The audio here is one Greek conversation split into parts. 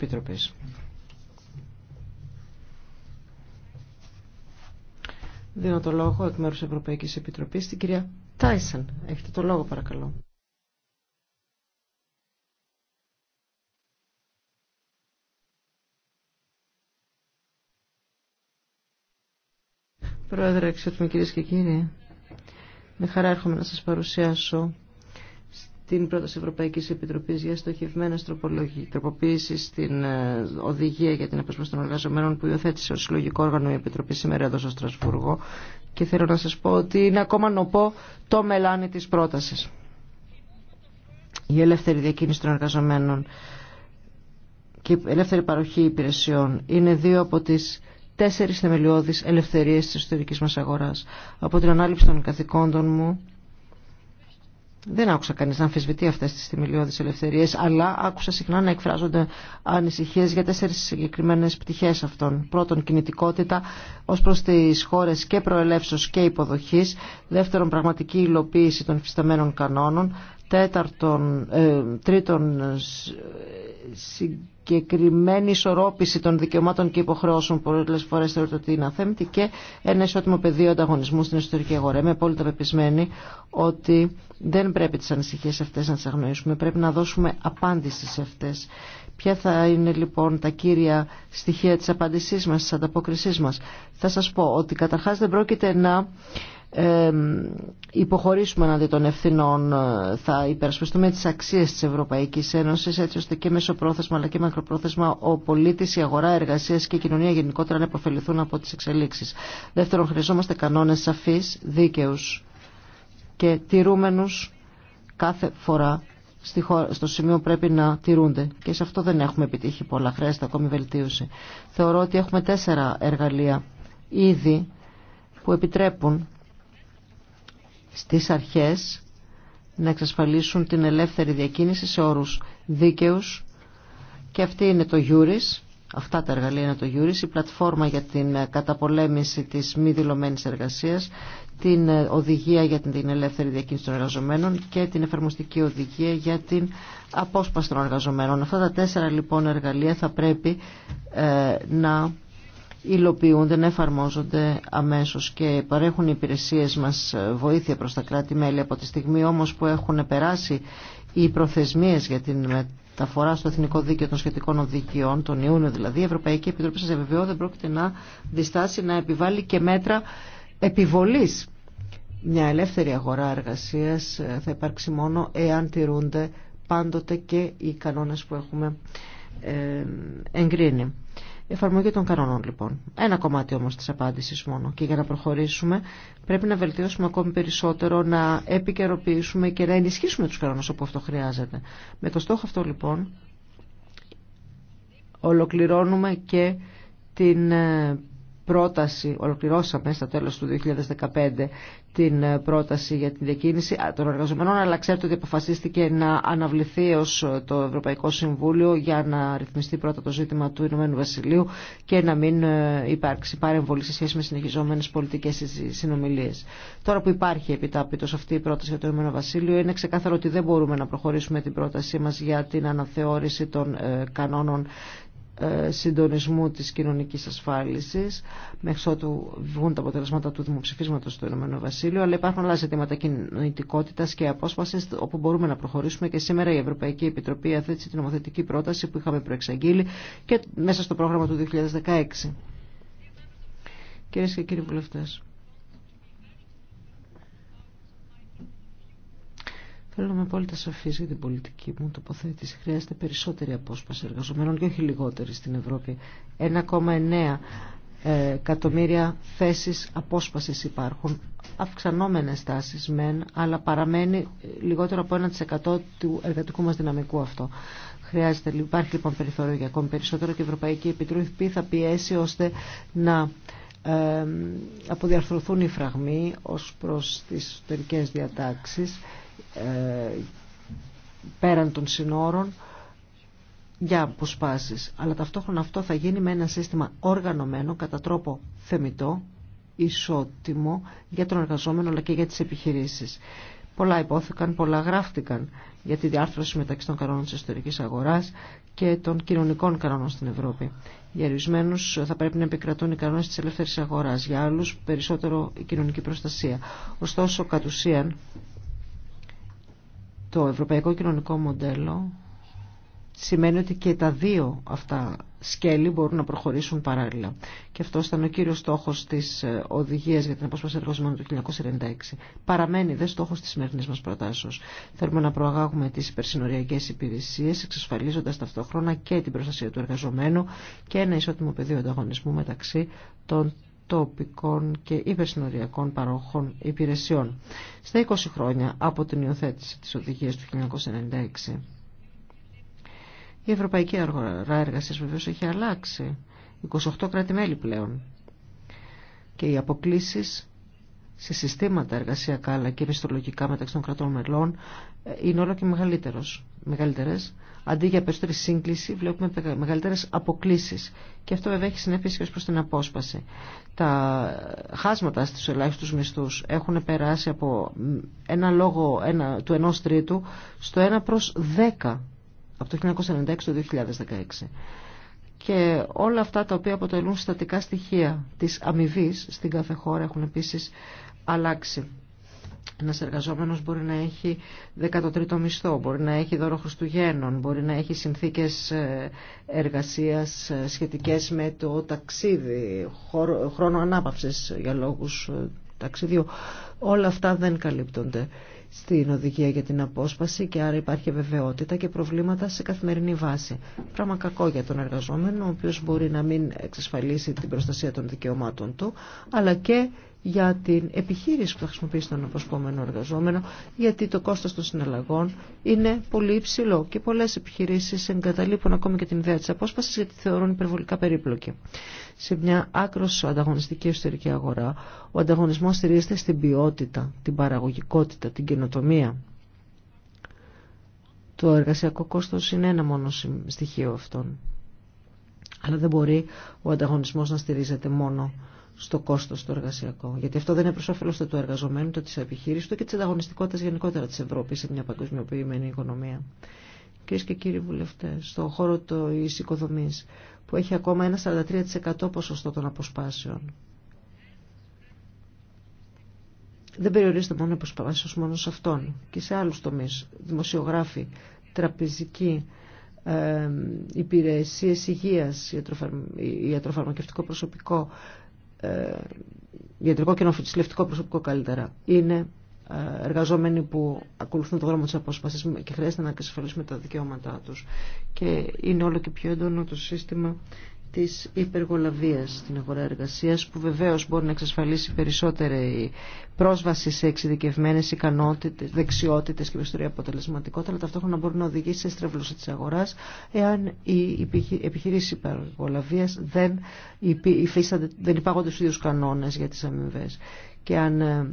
Επιτροπής. Δίνω το λόγο εκ μέρους Ευρωπαϊκής Επιτροπής στην κυρία Τάισεν. Έχετε το λόγο παρακαλώ. Πρόεδρε, εξαιρετικοί κυρίε και κύριοι, με χαρά έρχομαι να σας παρουσιάσω την πρόταση Ευρωπαϊκή Επιτροπή για στοχευμένε τροποποίησει στην ε, οδηγία για την απασπάση των εργαζομένων που υιοθέτησε ο συλλογικό όργανο η Επιτροπή σήμερα εδώ στο Στρασβούργο και θέλω να σα πω ότι είναι ακόμα νοπό το μελάνι τη πρόταση. Η ελεύθερη διακίνηση των εργαζομένων και η ελεύθερη παροχή υπηρεσιών είναι δύο από τι τέσσερι θεμελιώδεις ελευθερίε τη εσωτερική μα αγορά, Από την ανάληψη των καθηκόντων μου δεν άκουσα κανεί να αμφισβητεί αυτέ τι θεμελιώδει ελευθερίε, αλλά άκουσα συχνά να εκφράζονται ανησυχίε για τέσσερι συγκεκριμένε πτυχέ αυτών. Πρώτον, κινητικότητα ω προ τι χώρε και προελεύσεω και υποδοχή. Δεύτερον, πραγματική υλοποίηση των υφισταμένων κανόνων. Τέταρτον, ε, τρίτον, ε, συγκεκριμένη ισορρόπηση των δικαιωμάτων και υποχρεώσεων Πολλέ φορέ θεωρείται ότι είναι αθέμητη και ένα ισότιμο πεδίο ανταγωνισμού στην εσωτερική αγορά. Είμαι απόλυτα πεπισμένη ότι δεν πρέπει τις ανησυχίε αυτές να τι αγνοήσουμε, πρέπει να δώσουμε απάντηση σε αυτές. Ποια θα είναι λοιπόν τα κύρια στοιχεία της απάντησής μας, της ανταπόκρισής μας. Θα σας πω ότι καταρχάς δεν πρόκειται να υποχωρήσουμε αντί των ευθυνών, ε, θα υπερασπιστούμε τις αξίες της Ευρωπαϊκής Ένωσης έτσι ώστε και μεσοπρόθεσμα αλλά και μακροπρόθεσμα ο πολίτης, η αγορά εργασίας και η κοινωνία γενικότερα να υποφεληθούν από τις εξελίξεις. Δεύτερον, χρειαζόμαστε κανόνες σαφείς, δίκαιους και τηρούμενους κάθε φορά στο σημείο πρέπει να τηρούνται και σε αυτό δεν έχουμε επιτύχει πολλά, χρειάζεται ακόμη βελτίωση. Θεωρώ ότι έχουμε τέσσερα εργαλεία ήδη που επιτρέπουν στις αρχές να εξασφαλίσουν την ελεύθερη διακίνηση σε όρους δίκαιους και αυτή είναι το Γιούρις, αυτά τα εργαλεία είναι το Γιούρις, η πλατφόρμα για την καταπολέμηση της μη δηλωμένης εργασίας, την οδηγία για την ελεύθερη διακίνηση των εργαζομένων και την εφαρμοστική οδηγία για την απόσπαση των εργαζομένων. Αυτά τα τέσσερα λοιπόν εργαλεία θα πρέπει ε, να υλοποιούνται, εφαρμόζονται αμέσως και παρέχουν οι υπηρεσίες μας βοήθεια προς τα κράτη-μέλη από τη στιγμή όμως που έχουν περάσει οι προθεσμίες για την μεταφορά στο Εθνικό Δίκαιο των Σχετικών Οδικιών, τον Ιούνιο δηλαδή, η Ευρωπαϊκή Επιτροπή σας εμβεβαιώ δεν πρόκειται να διστάσει να επιβάλλει και μέτρα επιβολής. Μια ελεύθερη αγορά εργασίας θα υπάρξει μόνο εάν τηρούνται πάντοτε και οι κανόνες που έχουμε ε, εγκρίνει εφαρμογή των κανόνων λοιπόν. Ένα κομμάτι όμως της απάντησης μόνο. Και για να προχωρήσουμε πρέπει να βελτιώσουμε ακόμη περισσότερο, να επικαιροποιήσουμε και να ενισχύσουμε τους κανόνες όπου αυτό χρειάζεται. Με το στόχο αυτό λοιπόν ολοκληρώνουμε και την ε, πρόταση, ολοκληρώσαμε στα τέλος του 2015 την ε, πρόταση για την διακίνηση των εργαζομένων, αλλά ξέρετε ότι αποφασίστηκε να αναβληθεί ω ε, το Ευρωπαϊκό Συμβούλιο για να ρυθμιστεί πρώτα το ζήτημα του Ηνωμένου Βασιλείου και να μην ε, υπάρξει παρεμβολή σε σχέση με συνεχιζόμενε πολιτικέ συνομιλίε. Τώρα που υπάρχει επιτάπητο αυτή η πρόταση για το Ηνωμένο Βασίλειο, είναι ξεκάθαρο ότι δεν μπορούμε να προχωρήσουμε την πρότασή μα για την αναθεώρηση των κανόνων ε, συντονισμού της κοινωνικής ασφάλισης μέχρι ότου βγουν τα αποτελέσματα του δημοψηφίσματος στο Ηνωμένο αλλά υπάρχουν άλλα ζητήματα κοινωνικότητας και απόσπασης όπου μπορούμε να προχωρήσουμε και σήμερα η Ευρωπαϊκή Επιτροπή αθέτει την νομοθετική πρόταση που είχαμε προεξαγγείλει και μέσα στο πρόγραμμα του 2016. Κυρίες και κύριοι βουλευτές. Θέλω να είμαι απόλυτα σαφή για την πολιτική μου τοποθέτηση. Χρειάζεται περισσότερη απόσπαση εργαζομένων και όχι λιγότερη στην Ευρώπη. 1,9 ε, εκατομμύρια θέσει απόσπαση υπάρχουν. αυξανόμενε τάσεις μεν, αλλά παραμένει ε, λιγότερο από 1% του εργατικού μα δυναμικού αυτό. Χρειάζεται, υπάρχει λοιπόν περιθώριο για ακόμη περισσότερο και η Ευρωπαϊκή Επιτροπή θα πιέσει ώστε να ε, αποδιαρθρωθούν οι φραγμοί ως προς τις εσωτερικές διατάξεις ε, πέραν των συνόρων για αποσπάσεις. Αλλά ταυτόχρονα αυτό θα γίνει με ένα σύστημα οργανωμένο κατά τρόπο θεμητό, ισότιμο για τον εργαζόμενο αλλά και για τις επιχειρήσεις. Πολλά υπόθηκαν, πολλά γράφτηκαν για τη διάρθρωση μεταξύ των κανόνων της ιστορικής αγοράς και των κοινωνικών κανόνων στην Ευρώπη. Για ορισμένου θα πρέπει να επικρατούν οι κανόνε τη ελεύθερη αγορά, για άλλου περισσότερο η κοινωνική προστασία. Ωστόσο, κατ' ουσίαν, το ευρωπαϊκό κοινωνικό μοντέλο σημαίνει ότι και τα δύο αυτά σκέλη μπορούν να προχωρήσουν παράλληλα. Και αυτό ήταν ο κύριος στόχος της ε, οδηγίας για την απόσπαση του 1996. Παραμένει δε στόχος της σημερινή μας προτάσεως. Θέλουμε να προαγάγουμε τις υπερσυνοριακές υπηρεσίες, εξασφαλίζοντας ταυτόχρονα και την προστασία του εργαζομένου και ένα ισότιμο πεδίο ανταγωνισμού μεταξύ των τοπικών και υπερσυνοριακών παρόχων υπηρεσιών στα 20 χρόνια από την υιοθέτηση της οδηγίας του 1996. Η ευρωπαϊκή αγορά εργασία βεβαίως έχει αλλάξει. 28 κράτη-μέλη πλέον. Και οι αποκλήσει σε συστήματα εργασιακά αλλά και μισθολογικά μεταξύ των κρατών μελών ε, είναι όλο και μεγαλύτερες Αντί για περισσότερη σύγκληση βλέπουμε μεγαλύτερες αποκλήσει. και αυτό βέβαια έχει συνέπειες και προς την απόσπαση. Τα χάσματα στους ελάχιστου μισθού έχουν περάσει από ένα λόγο ένα, του ενός τρίτου στο 1 προς 10 από το 1996 το 2016 και όλα αυτά τα οποία αποτελούν στατικά στοιχεία της αμοιβή στην κάθε χώρα έχουν επίσης αλλάξει. Ένα εργαζόμενο μπορεί να έχει 13ο μισθό, μπορεί να έχει δώρο Χριστουγέννων, μπορεί να έχει συνθήκε εργασία ε, σχετικέ με το ταξίδι, χρόνο ανάπαυση για λόγου ε, ταξιδιού. Όλα αυτά δεν καλύπτονται στην οδηγία για την απόσπαση και άρα υπάρχει βεβαιότητα και προβλήματα σε καθημερινή βάση. Πράγμα κακό για τον εργαζόμενο, ο οποίο μπορεί να μην εξασφαλίσει την προστασία των δικαιωμάτων του, αλλά και για την επιχείρηση που θα χρησιμοποιήσει τον αποσπόμενο εργαζόμενο, γιατί το κόστος των συναλλαγών είναι πολύ υψηλό και πολλές επιχειρήσεις εγκαταλείπουν ακόμη και την ιδέα της απόσπασης γιατί θεωρούν υπερβολικά περίπλοκη. Σε μια άκρος ανταγωνιστική εσωτερική αγορά, ο ανταγωνισμός στηρίζεται στην ποιότητα, την παραγωγικότητα, την καινοτομία. Το εργασιακό κόστος είναι ένα μόνο στοιχείο αυτών. Αλλά δεν μπορεί ο ανταγωνισμός να στηρίζεται μόνο στο κόστο το εργασιακό. Γιατί αυτό δεν είναι προς όφελος του εργαζομένου, το τη επιχείρηση του και της ανταγωνιστικότητα γενικότερα τη Ευρώπη σε μια παγκοσμιοποιημένη οικονομία. Κυρίε και κύριοι βουλευτέ, στον χώρο τη οικοδομή, που έχει ακόμα ένα 43% ποσοστό των αποσπάσεων. Δεν περιορίζεται μόνο αποσπάσεις μόνο σε αυτόν και σε άλλου τομεί. δημοσιογράφοι, τραπεζικοί, ε, υπηρεσίες υγείας, ιατροφαρμακευτικό προσωπικό, ε, ιατρικό και νοφιτισλευτικό προσωπικό καλύτερα. Είναι ε, εργαζόμενοι που ακολουθούν το δρόμο τη απόσπασης και χρειάζεται να εξασφαλίσουμε τα δικαιώματά τους. Και είναι όλο και πιο έντονο το σύστημα της υπεργολαβίας στην αγορά εργασίας που βεβαίως μπορεί να εξασφαλίσει περισσότερη πρόσβαση σε εξειδικευμένε, ικανότητες, δεξιότητες και περισσότερη αποτελεσματικότητα αλλά ταυτόχρονα μπορεί να οδηγήσει σε στρεβλώση τη αγοράς εάν οι επιχειρήσει υπεργολαβίας δεν, δεν υπάρχουν στου ίδιους κανόνες για τι αμοιβέ. Και αν ε,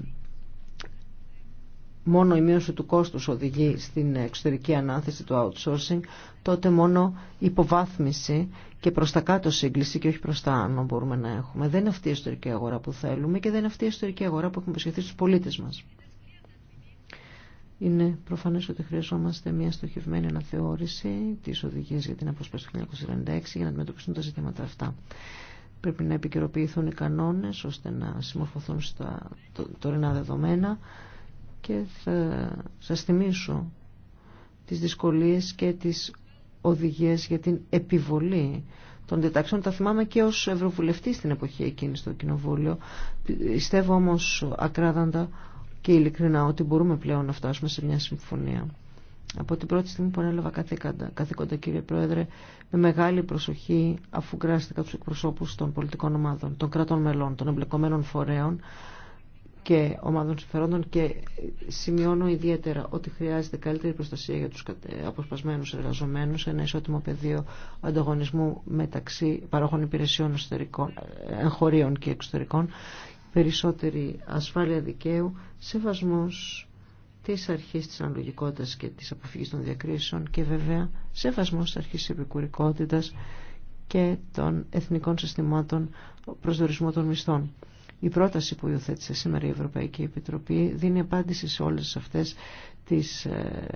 μόνο η μείωση του κόστους οδηγεί στην εξωτερική ανάθεση του outsourcing, τότε μόνο υποβάθμιση και προς τα κάτω σύγκληση και όχι προς τα άνω μπορούμε να έχουμε. Δεν είναι αυτή η εσωτερική αγορά που θέλουμε και δεν είναι αυτή η εσωτερική αγορά που έχουμε προσχεθεί στους πολίτες μας. Είναι προφανές ότι χρειαζόμαστε μια στοχευμένη αναθεώρηση της οδηγίας για την απόσπαση του 1996 για να αντιμετωπιστούν τα ζητήματα αυτά πρέπει να επικαιροποιηθούν οι κανόνες ώστε να συμμορφωθούν στα τωρινά δεδομένα και θα σας θυμίσω τις δυσκολίες και τις οδηγίες για την επιβολή των διτάξεων. Τα θυμάμαι και ως Ευρωβουλευτή στην εποχή εκείνη στο Κοινοβούλιο. Πιστεύω όμως ακράδαντα και ειλικρινά ότι μπορούμε πλέον να φτάσουμε σε μια συμφωνία. Από την πρώτη στιγμή που ανέλαβα καθήκοντα, καθήκοντα κύριε Πρόεδρε, με μεγάλη προσοχή αφού γράστηκα τους εκπροσώπους των πολιτικών ομάδων, των κρατών μελών, των εμπλεκομένων φορέων, και ομάδων συμφερόντων και σημειώνω ιδιαίτερα ότι χρειάζεται καλύτερη προστασία για τους αποσπασμένους εργαζομένους, ένα ισότιμο πεδίο ανταγωνισμού μεταξύ παρόχων υπηρεσιών εσωτερικών, εγχωρίων και εξωτερικών, περισσότερη ασφάλεια δικαίου, σεβασμός της αρχής της αναλογικότητας και της αποφυγής των διακρίσεων και βέβαια σεβασμός της αρχής της επικουρικότητας και των εθνικών συστημάτων προσδορισμού των μισθών. Η πρόταση που υιοθέτησε σήμερα η Ευρωπαϊκή Επιτροπή δίνει απάντηση σε όλες αυτές τις, ε,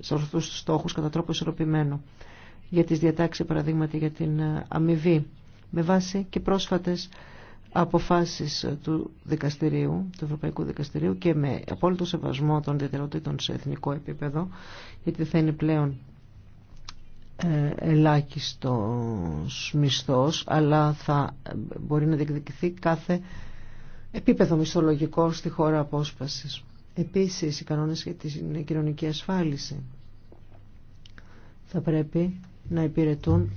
σε αυτούς στόχους κατά τρόπο ισορροπημένο για τις διατάξεις παραδείγματι για την ε, αμοιβή με βάση και πρόσφατες αποφάσεις του δικαστηρίου, του Ευρωπαϊκού Δικαστηρίου και με απόλυτο σεβασμό των διατεραιοτήτων σε εθνικό επίπεδο γιατί θα είναι πλέον ε, ελάχιστος μισθός αλλά θα μπορεί να διεκδικηθεί κάθε επίπεδο μισθολογικό στη χώρα απόσπασης. Επίσης οι κανόνες για την κοινωνική ασφάλιση θα πρέπει να υπηρετούν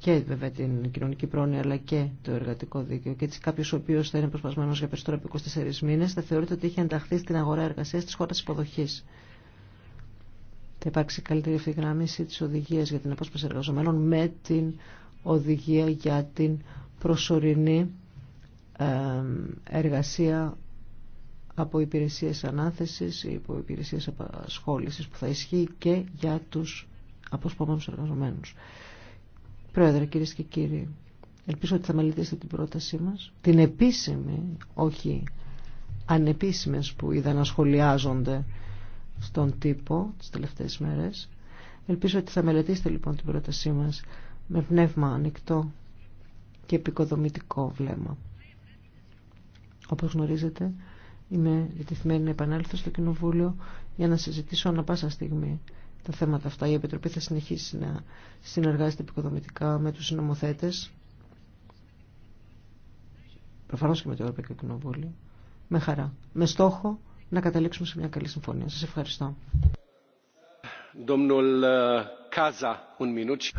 και βέβαια την κοινωνική πρόνοια αλλά και το εργατικό δίκαιο. Και έτσι κάποιο ο οποίο θα είναι προσπασμένο για περισσότερο από 24 μήνε θα θεωρείται ότι έχει ενταχθεί στην αγορά εργασία τη χώρα υποδοχή θα υπάρξει καλύτερη ευθυγράμμιση της οδηγίας για την απόσπαση εργαζομένων με την οδηγία για την προσωρινή εργασία από υπηρεσίες ανάθεσης ή από υπηρεσίες απασχόλησης που θα ισχύει και για τους αποσπόμενους εργαζομένους. Πρόεδρε, κύριε και κύριοι, ελπίζω ότι θα μελετήσετε την πρότασή μας, την επίσημη, όχι ανεπίσημες που είδα να σχολιάζονται στον τύπο τις τελευταίες μέρες. Ελπίζω ότι θα μελετήσετε λοιπόν την πρότασή μας με πνεύμα ανοιχτό και επικοδομητικό βλέμμα. Όπως γνωρίζετε, είμαι ζητηθμένη να επανέλθω στο Κοινοβούλιο για να συζητήσω ανα πάσα στιγμή τα θέματα αυτά. Η Επιτροπή θα συνεχίσει να συνεργάζεται επικοδομητικά με τους συνομοθέτες, προφανώς και με το Ευρωπαϊκό Κοινοβούλιο, με χαρά, με στόχο να καταλήξουμε σε μια καλή συμφωνία. Σας ευχαριστώ. Ε,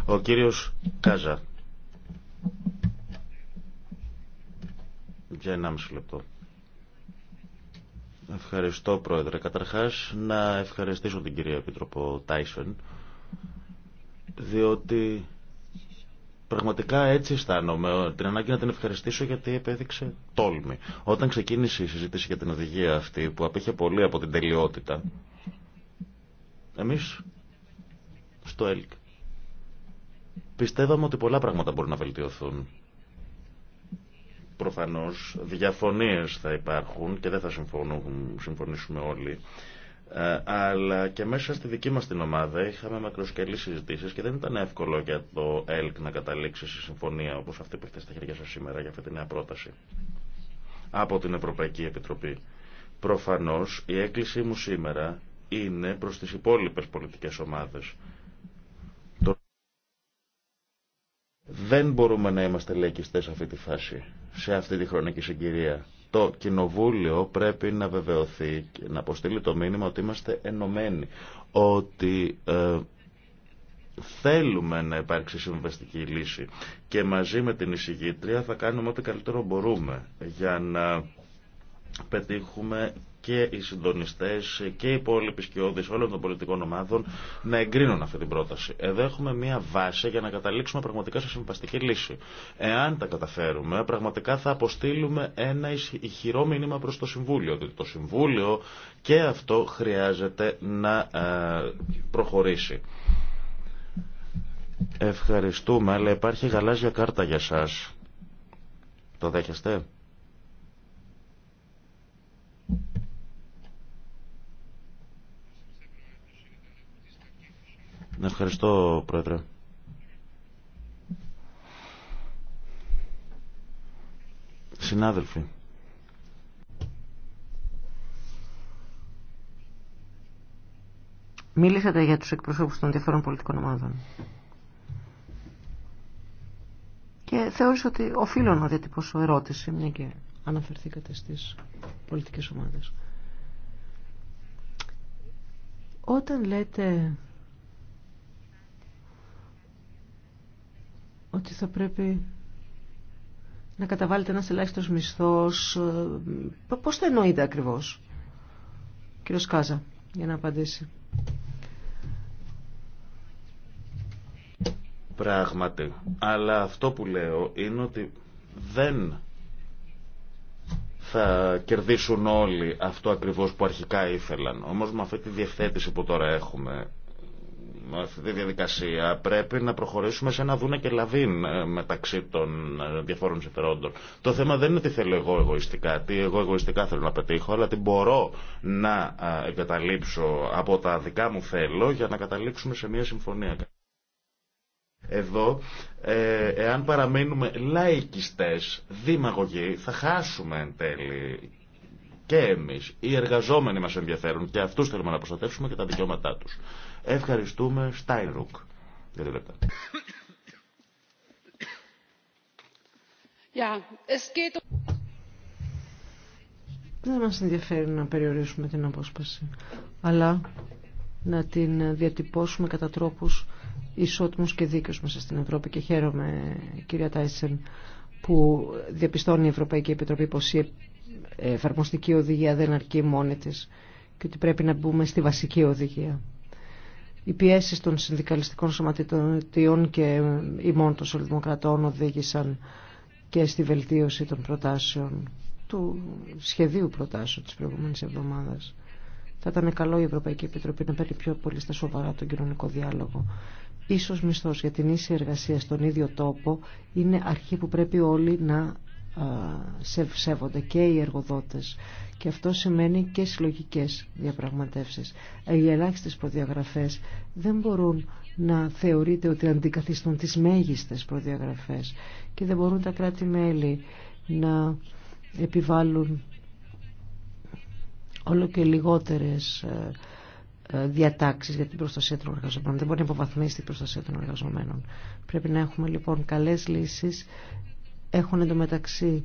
Ο κύριος Κάζα. Για 1,5 λεπτό. Ευχαριστώ Πρόεδρε. Καταρχάς να ευχαριστήσω την κυρία Επίτροπο Τάισον διότι Πραγματικά έτσι αισθάνομαι. Την ανάγκη να την ευχαριστήσω γιατί επέδειξε τόλμη. Όταν ξεκίνησε η συζήτηση για την οδηγία αυτή που απέχει πολύ από την τελειότητα, εμείς στο ΕΛΚ πιστεύαμε ότι πολλά πράγματα μπορούν να βελτιωθούν. Προφανώς διαφωνίες θα υπάρχουν και δεν θα συμφωνήσουμε όλοι. Ε, αλλά και μέσα στη δική μας την ομάδα είχαμε μακροσκελείς συζητήσεις και δεν ήταν εύκολο για το ΕΛΚ να καταλήξει σε συμφωνία όπως αυτή που έχετε στα χέρια σας σήμερα για αυτή τη νέα πρόταση από την Ευρωπαϊκή Επιτροπή. Προφανώς η έκκλησή μου σήμερα είναι προς τις υπόλοιπες πολιτικές ομάδες. Δεν μπορούμε να είμαστε λαϊκιστές σε αυτή τη φάση, σε αυτή τη χρονική συγκυρία. Το Κοινοβούλιο πρέπει να βεβαιωθεί και να αποστείλει το μήνυμα ότι είμαστε ενωμένοι, ότι ε, θέλουμε να υπάρξει συμβαστική λύση και μαζί με την εισηγήτρια θα κάνουμε ό,τι καλύτερο μπορούμε για να πετύχουμε και οι συντονιστέ και οι υπόλοιποι σκιώδει όλων των πολιτικών ομάδων να εγκρίνουν αυτή την πρόταση. Εδώ έχουμε μία βάση για να καταλήξουμε πραγματικά σε συμβαστική λύση. Εάν τα καταφέρουμε, πραγματικά θα αποστείλουμε ένα ηχηρό μήνυμα προ το Συμβούλιο. Διότι το Συμβούλιο και αυτό χρειάζεται να ε, προχωρήσει. Ευχαριστούμε, αλλά υπάρχει γαλάζια κάρτα για σας. Το δέχεστε. Ναι, ευχαριστώ, Πρόεδρε. Συνάδελφοι. Μίλησατε για τους εκπροσώπους των διαφορών πολιτικών ομάδων. Και θεώρησα ότι οφείλω να διατυπώσω ερώτηση, μια και αναφερθήκατε στις πολιτικές ομάδες. Όταν λέτε ότι θα πρέπει να καταβάλλεται ένας ελάχιστος μισθός. Ε, πώς το εννοείται ακριβώς. κύριο Κάζα, για να απαντήσει. Πράγματι. Αλλά αυτό που λέω είναι ότι δεν θα κερδίσουν όλοι αυτό ακριβώς που αρχικά ήθελαν. Όμως με αυτή τη διευθέτηση που τώρα έχουμε αυτή τη διαδικασία πρέπει να προχωρήσουμε σε ένα δούνε και λαβίν ε, μεταξύ των ε, διαφόρων συμφερόντων. Το θέμα δεν είναι τι θέλω εγώ εγωιστικά, τι εγώ εγωιστικά θέλω να πετύχω, αλλά τι μπορώ να ε, εγκαταλείψω από τα δικά μου θέλω για να καταλήξουμε σε μια συμφωνία. Εδώ, ε, εάν παραμείνουμε λαϊκιστές, δήμαγωγοι, θα χάσουμε εν τέλει και εμείς. Οι εργαζόμενοι μας ενδιαφέρουν και αυτούς θέλουμε να προστατεύσουμε και τα δικαιώματά τους. Ευχαριστούμε. Στάινρουκ. λεπτά. Um- δεν μας ενδιαφέρει να περιορίσουμε την απόσπαση, αλλά να την διατυπώσουμε κατά τρόπους ισότιμους και δίκαιους μέσα στην Ευρώπη και χαίρομαι κυρία Τάισεν που διαπιστώνει η Ευρωπαϊκή Επιτροπή πως η εφαρμοστική οδηγία δεν αρκεί μόνη της και ότι πρέπει να μπούμε στη βασική οδηγία. Οι πιέσει των συνδικαλιστικών σωματιτών και ημών των Σολυμοκρατών οδήγησαν και στη βελτίωση των προτάσεων του σχεδίου προτάσεων της προηγούμενης εβδομάδας. Θα ήταν καλό η Ευρωπαϊκή Επιτροπή να παίρνει πιο πολύ στα σοβαρά τον κοινωνικό διάλογο. Ίσως μισθός για την ίση εργασία στον ίδιο τόπο είναι αρχή που πρέπει όλοι να σέβονται και οι εργοδότες και αυτό σημαίνει και συλλογικές διαπραγματεύσεις. Ε, οι ελάχιστες προδιαγραφές δεν μπορούν να θεωρείται ότι αντικαθιστούν τις μέγιστες προδιαγραφές και δεν μπορούν τα κράτη-μέλη να επιβάλλουν όλο και λιγότερες ε, ε, διατάξεις για την προστασία των εργαζομένων. Δεν μπορεί να υποβαθμίσει την προστασία των εργαζομένων. Πρέπει να έχουμε λοιπόν καλές λύσεις έχουν εντωμεταξύ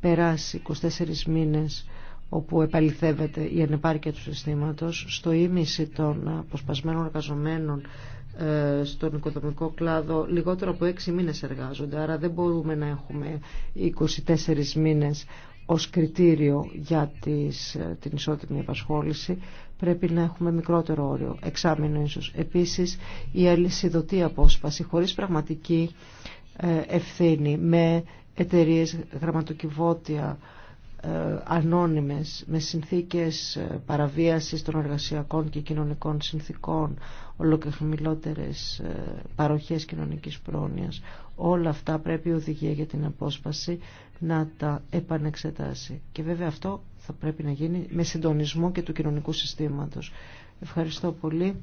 περάσει 24 μήνες όπου επαληθεύεται η ανεπάρκεια του συστήματος στο ίμιση των αποσπασμένων εργαζομένων ε, στον οικοδομικό κλάδο λιγότερο από 6 μήνες εργάζονται άρα δεν μπορούμε να έχουμε 24 μήνες ως κριτήριο για τις, ε, την ισότιμη επασχόληση πρέπει να έχουμε μικρότερο όριο, εξάμεινο ίσως. Επίσης η αλυσιδωτή απόσπαση χωρίς πραγματική ε, ευθύνη με εταιρείε γραμματοκιβώτια ε, ανώνυμες με συνθήκες ε, παραβίασης των εργασιακών και κοινωνικών συνθήκων ολοκληρωμιλότερες παροχές κοινωνικής πρόνοιας όλα αυτά πρέπει η οδηγία για την απόσπαση να τα επανεξετάσει και βέβαια αυτό θα πρέπει να γίνει με συντονισμό και του κοινωνικού συστήματος Ευχαριστώ πολύ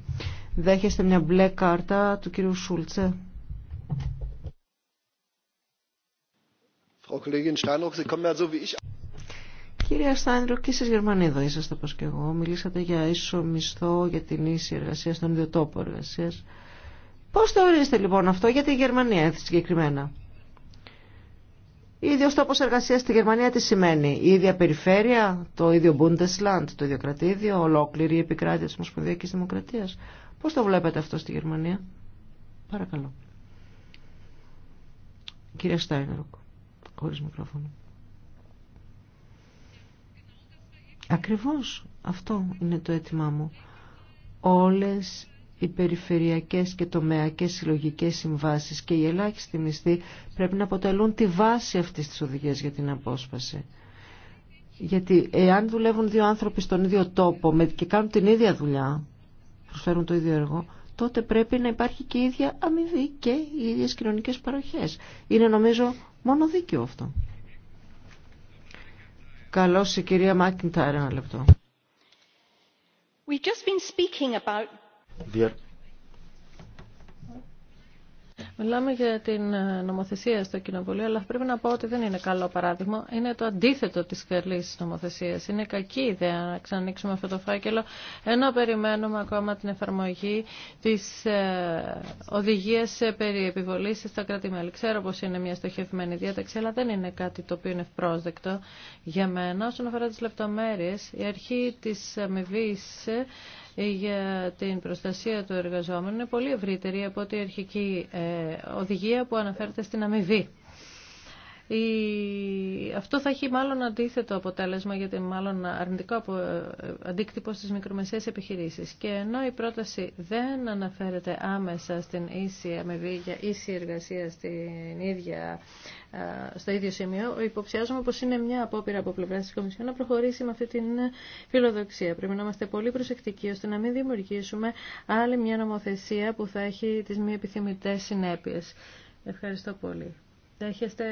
Δέχεστε μια μπλε κάρτα του κύριου Σούλτσε Κύριε Στάνιροκ, και εσείς Γερμανίδα είσαστε όπως και εγώ. Μιλήσατε για ίσο μισθό, για την ίση εργασία στον ίδιο τόπο εργασία. Πώς θεωρείστε λοιπόν αυτό για τη Γερμανία συγκεκριμένα. Ίδιος τόπος εργασίας στη Γερμανία τι σημαίνει. Η ίδια περιφέρεια, το ίδιο Bundesland, το ίδιο κρατήδιο, ολόκληρη η επικράτεια της Μοσπονδιακής Δημοκρατίας. Πώς το βλέπετε αυτό στη Γερμανία. Παρακαλώ. Κύριε Στάινρουκ. Χωρίς μικρόφωνο. Ακριβώς αυτό είναι το αίτημά μου. Όλες οι περιφερειακές και τομεακές συλλογικές συμβάσεις και η ελάχιστη μισθή πρέπει να αποτελούν τη βάση αυτής της οδηγίας για την απόσπαση. Γιατί εάν δουλεύουν δύο άνθρωποι στον ίδιο τόπο και κάνουν την ίδια δουλειά, προσφέρουν το ίδιο έργο, τότε πρέπει να υπάρχει και η ίδια αμοιβή και οι ίδιες κοινωνικές παροχές. Είναι νομίζω Μόνο δίκαιο αυτό. Καλώς η κυρία Μάκιντάρ ένα λεπτό. We've just been speaking about... Μιλάμε για την ε, νομοθεσία στο Κοινοβουλίο, αλλά πρέπει να πω ότι δεν είναι καλό παράδειγμα. Είναι το αντίθετο της καλής νομοθεσίας. Είναι κακή ιδέα να ξανανοίξουμε αυτό το φάκελο, ενώ περιμένουμε ακόμα την εφαρμογή της ε, οδηγίας ε, περί επιβολή στα κράτη-μέλη. Ξέρω πως είναι μια στοχευμένη διάταξη, αλλά δεν είναι κάτι το οποίο είναι ευπρόσδεκτο για μένα. Όσον αφορά τι λεπτομέρειε, η αρχή τη αμοιβή ε, για την προστασία του εργαζόμενου είναι πολύ ευρύτερη από την αρχική ε, οδηγία που αναφέρεται στην αμοιβή η... αυτό θα έχει μάλλον αντίθετο αποτέλεσμα γιατί μάλλον αρνητικό αντίκτυπο στις μικρομεσαίες επιχειρήσεις. Και ενώ η πρόταση δεν αναφέρεται άμεσα στην ίση αμοιβή για ίση εργασία στην ίδια, στο ίδιο σημείο, υποψιάζομαι πως είναι μια απόπειρα από πλευρά της Κομισιόν να προχωρήσει με αυτή την φιλοδοξία. Πρέπει να είμαστε πολύ προσεκτικοί ώστε να μην δημιουργήσουμε άλλη μια νομοθεσία που θα έχει τις μη επιθυμητές συνέπειες. Ευχαριστώ πολύ. Δέχεστε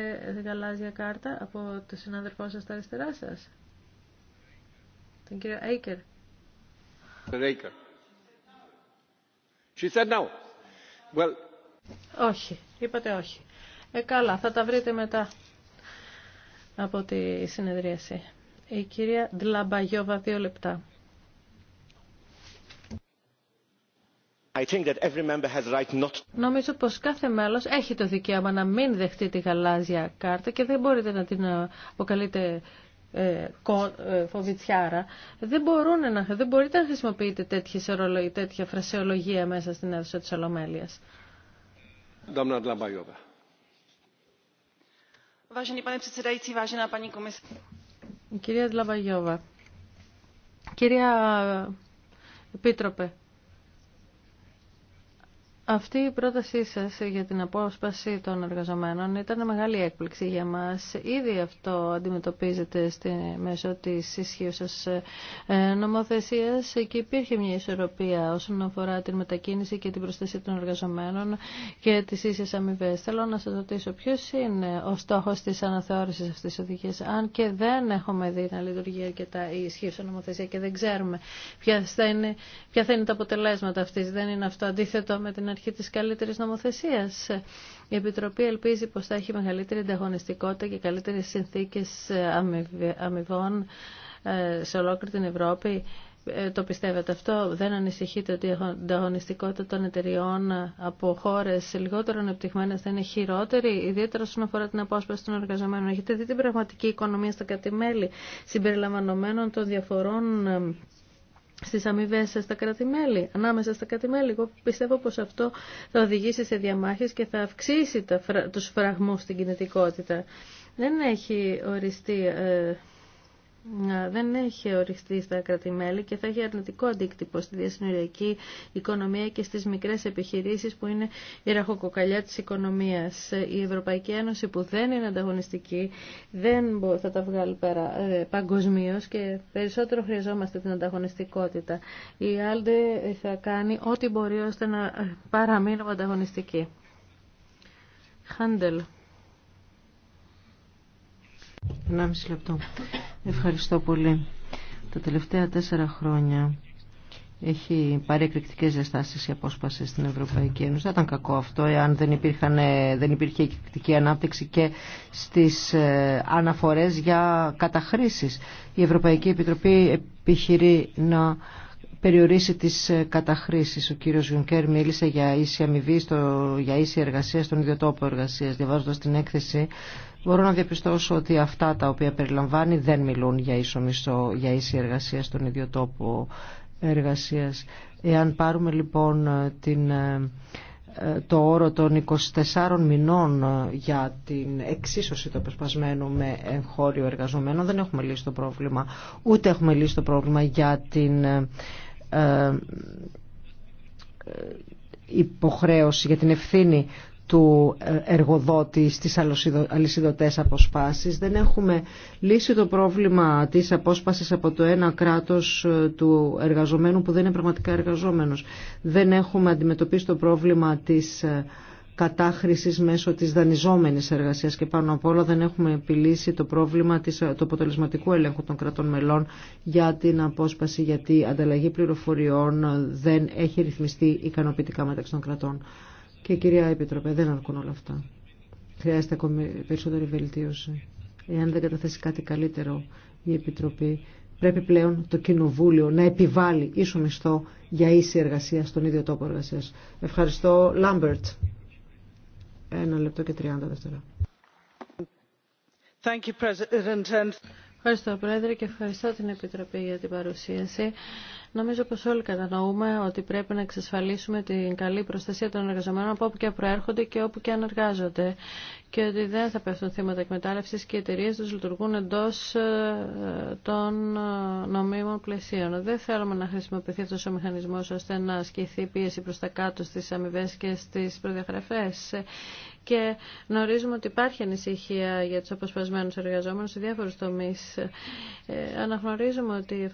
γαλάζια κάρτα από το συνάδελφό σας στα αριστερά σας. Τον κύριο Έικερ. She said no. Well... Όχι. Είπατε όχι. Ε, καλά. Θα τα βρείτε μετά από τη συνεδρίαση. Η κυρία Ντλαμπαγιώβα, δύο λεπτά. Νομίζω πως κάθε μέλος έχει το δικαίωμα να μην δεχτεί τη γαλάζια κάρτα και δεν μπορείτε να την ε, αποκαλείτε ε, ε, φοβητσιάρα. Δεν, μπορούν να, δεν μπορείτε να χρησιμοποιείτε τέτοια φρασεολογία μέσα στην αίθουσα της Ολομέλειας. Κυρία Δλαμπαγιώβα, κυρία ε, Επίτροπε, αυτή η πρότασή σας για την απόσπαση των εργαζομένων ήταν μεγάλη έκπληξη για μας. Ήδη αυτό αντιμετωπίζεται στη, μέσω της ισχύωσας ε, νομοθεσίας και υπήρχε μια ισορροπία όσον αφορά την μετακίνηση και την προστασία των εργαζομένων και τις ίσες αμοιβέ. Θέλω να σας ρωτήσω ποιος είναι ο στόχος της αναθεώρησης αυτής της οδηγίας, αν και δεν έχουμε δει να λειτουργεί αρκετά η ισχύουσα νομοθεσία και δεν ξέρουμε ποια θα είναι, ποια θα είναι τα αποτελέσματα αυτή. Δεν είναι αυτό αντίθετο με την αρχή της καλύτερης νομοθεσίας. Η Επιτροπή ελπίζει πως θα έχει μεγαλύτερη ανταγωνιστικότητα και καλύτερες συνθήκες αμοιβών ε, σε ολόκληρη την Ευρώπη. Ε, το πιστεύετε αυτό, δεν ανησυχείτε ότι η ανταγωνιστικότητα των εταιριών από χώρε λιγότερο ανεπτυγμένε θα είναι χειρότερη, ιδιαίτερα όσον αφορά την απόσπαση των εργαζομένων. Έχετε δει την πραγματική οικονομία στα κατημέλη συμπεριλαμβανομένων των διαφορών Στι αμοιβέ στα κράτη-μέλη, ανάμεσα στα κράτη-μέλη. Εγώ πιστεύω πως αυτό θα οδηγήσει σε διαμάχε και θα αυξήσει του τους στην κινητικότητα. Δεν έχει οριστεί ε, δεν έχει οριστεί στα κρατημέλη και θα έχει αρνητικό αντίκτυπο στη διασυνοριακή οικονομία και στις μικρές επιχειρήσεις που είναι η ραχοκοκαλιά της οικονομίας. Ε, η Ευρωπαϊκή Ένωση που δεν είναι ανταγωνιστική δεν θα τα βγάλει πέρα ε, παγκοσμίω και περισσότερο χρειαζόμαστε την ανταγωνιστικότητα. Η Άλντε θα κάνει ό,τι μπορεί ώστε να παραμείνουμε ανταγωνιστικοί. Handel. 1,5 λεπτό. Ευχαριστώ πολύ. Τα τελευταία τέσσερα χρόνια έχει πάρει εκρηκτικέ διαστάσει η απόσπαση στην Ευρωπαϊκή Ένωση. Δεν ήταν κακό αυτό εάν δεν, υπήρχαν, δεν υπήρχε εκρηκτική ανάπτυξη και στι ε, αναφορέ για καταχρήσει. Η Ευρωπαϊκή Επιτροπή επιχειρεί να περιορίσει τις ε, καταχρήσεις. Ο κύριος Γιουνκέρ μίλησε για ίση αμοιβή, για ίση εργασία στον ίδιο τόπο εργασίας. Διαβάζοντας την έκθεση μπορώ να διαπιστώσω ότι αυτά τα οποία περιλαμβάνει δεν μιλούν για ίσο μισθό, για ίση εργασία στον ίδιο τόπο εργασίας. Εάν πάρουμε λοιπόν την, ε, ε, το όρο των 24 μηνών ε, για την εξίσωση του απεσπασμένου με εγχώριο εργαζομένο δεν έχουμε λύσει το πρόβλημα. Ούτε έχουμε λύσει το πρόβλημα για την υποχρέωση, για την ευθύνη του ε, εργοδότη στις αλυσιδωτές αποσπάσεις. Δεν έχουμε λύσει το πρόβλημα της απόσπασης από το ένα κράτος ε, του εργαζομένου που δεν είναι πραγματικά εργαζόμενος. Δεν έχουμε αντιμετωπίσει το πρόβλημα της ε, κατάχρησης μέσω της δανειζόμενης εργασίας και πάνω απ' όλα δεν έχουμε επιλύσει το πρόβλημα της, του αποτελεσματικού ελέγχου των κρατών μελών για την απόσπαση γιατί η ανταλλαγή πληροφοριών δεν έχει ρυθμιστεί ικανοποιητικά μεταξύ των κρατών. Και κυρία Επίτροπε, δεν αρκούν όλα αυτά. Χρειάζεται ακόμη περισσότερη βελτίωση. Εάν δεν καταθέσει κάτι καλύτερο η Επιτροπή, πρέπει πλέον το Κοινοβούλιο να επιβάλλει ίσο μισθό για ίση εργασία στον ίδιο τόπο εργασία. Ευχαριστώ. Λάμπερτ. Ένα λεπτό και τριάντα δεύτερα. Thank you, President. Ευχαριστώ Πρόεδρε και ευχαριστώ την Επιτροπή για την παρουσίαση. Νομίζω πως όλοι κατανοούμε ότι πρέπει να εξασφαλίσουμε την καλή προστασία των εργαζομένων από όπου και προέρχονται και όπου και αν και ότι δεν θα πέφτουν θύματα εκμετάλλευσης και οι εταιρείε τους λειτουργούν εντός ε, των ε, νομίμων πλαισίων. Δεν θέλουμε να χρησιμοποιηθεί αυτός ο μηχανισμός ώστε να ασκηθεί πίεση προς τα κάτω στις αμοιβέ και στις προδιαγραφές και γνωρίζουμε ότι υπάρχει ανησυχία για τους αποσπασμένου εργαζόμενους σε διάφορους τομεί. Ε, αναγνωρίζουμε ότι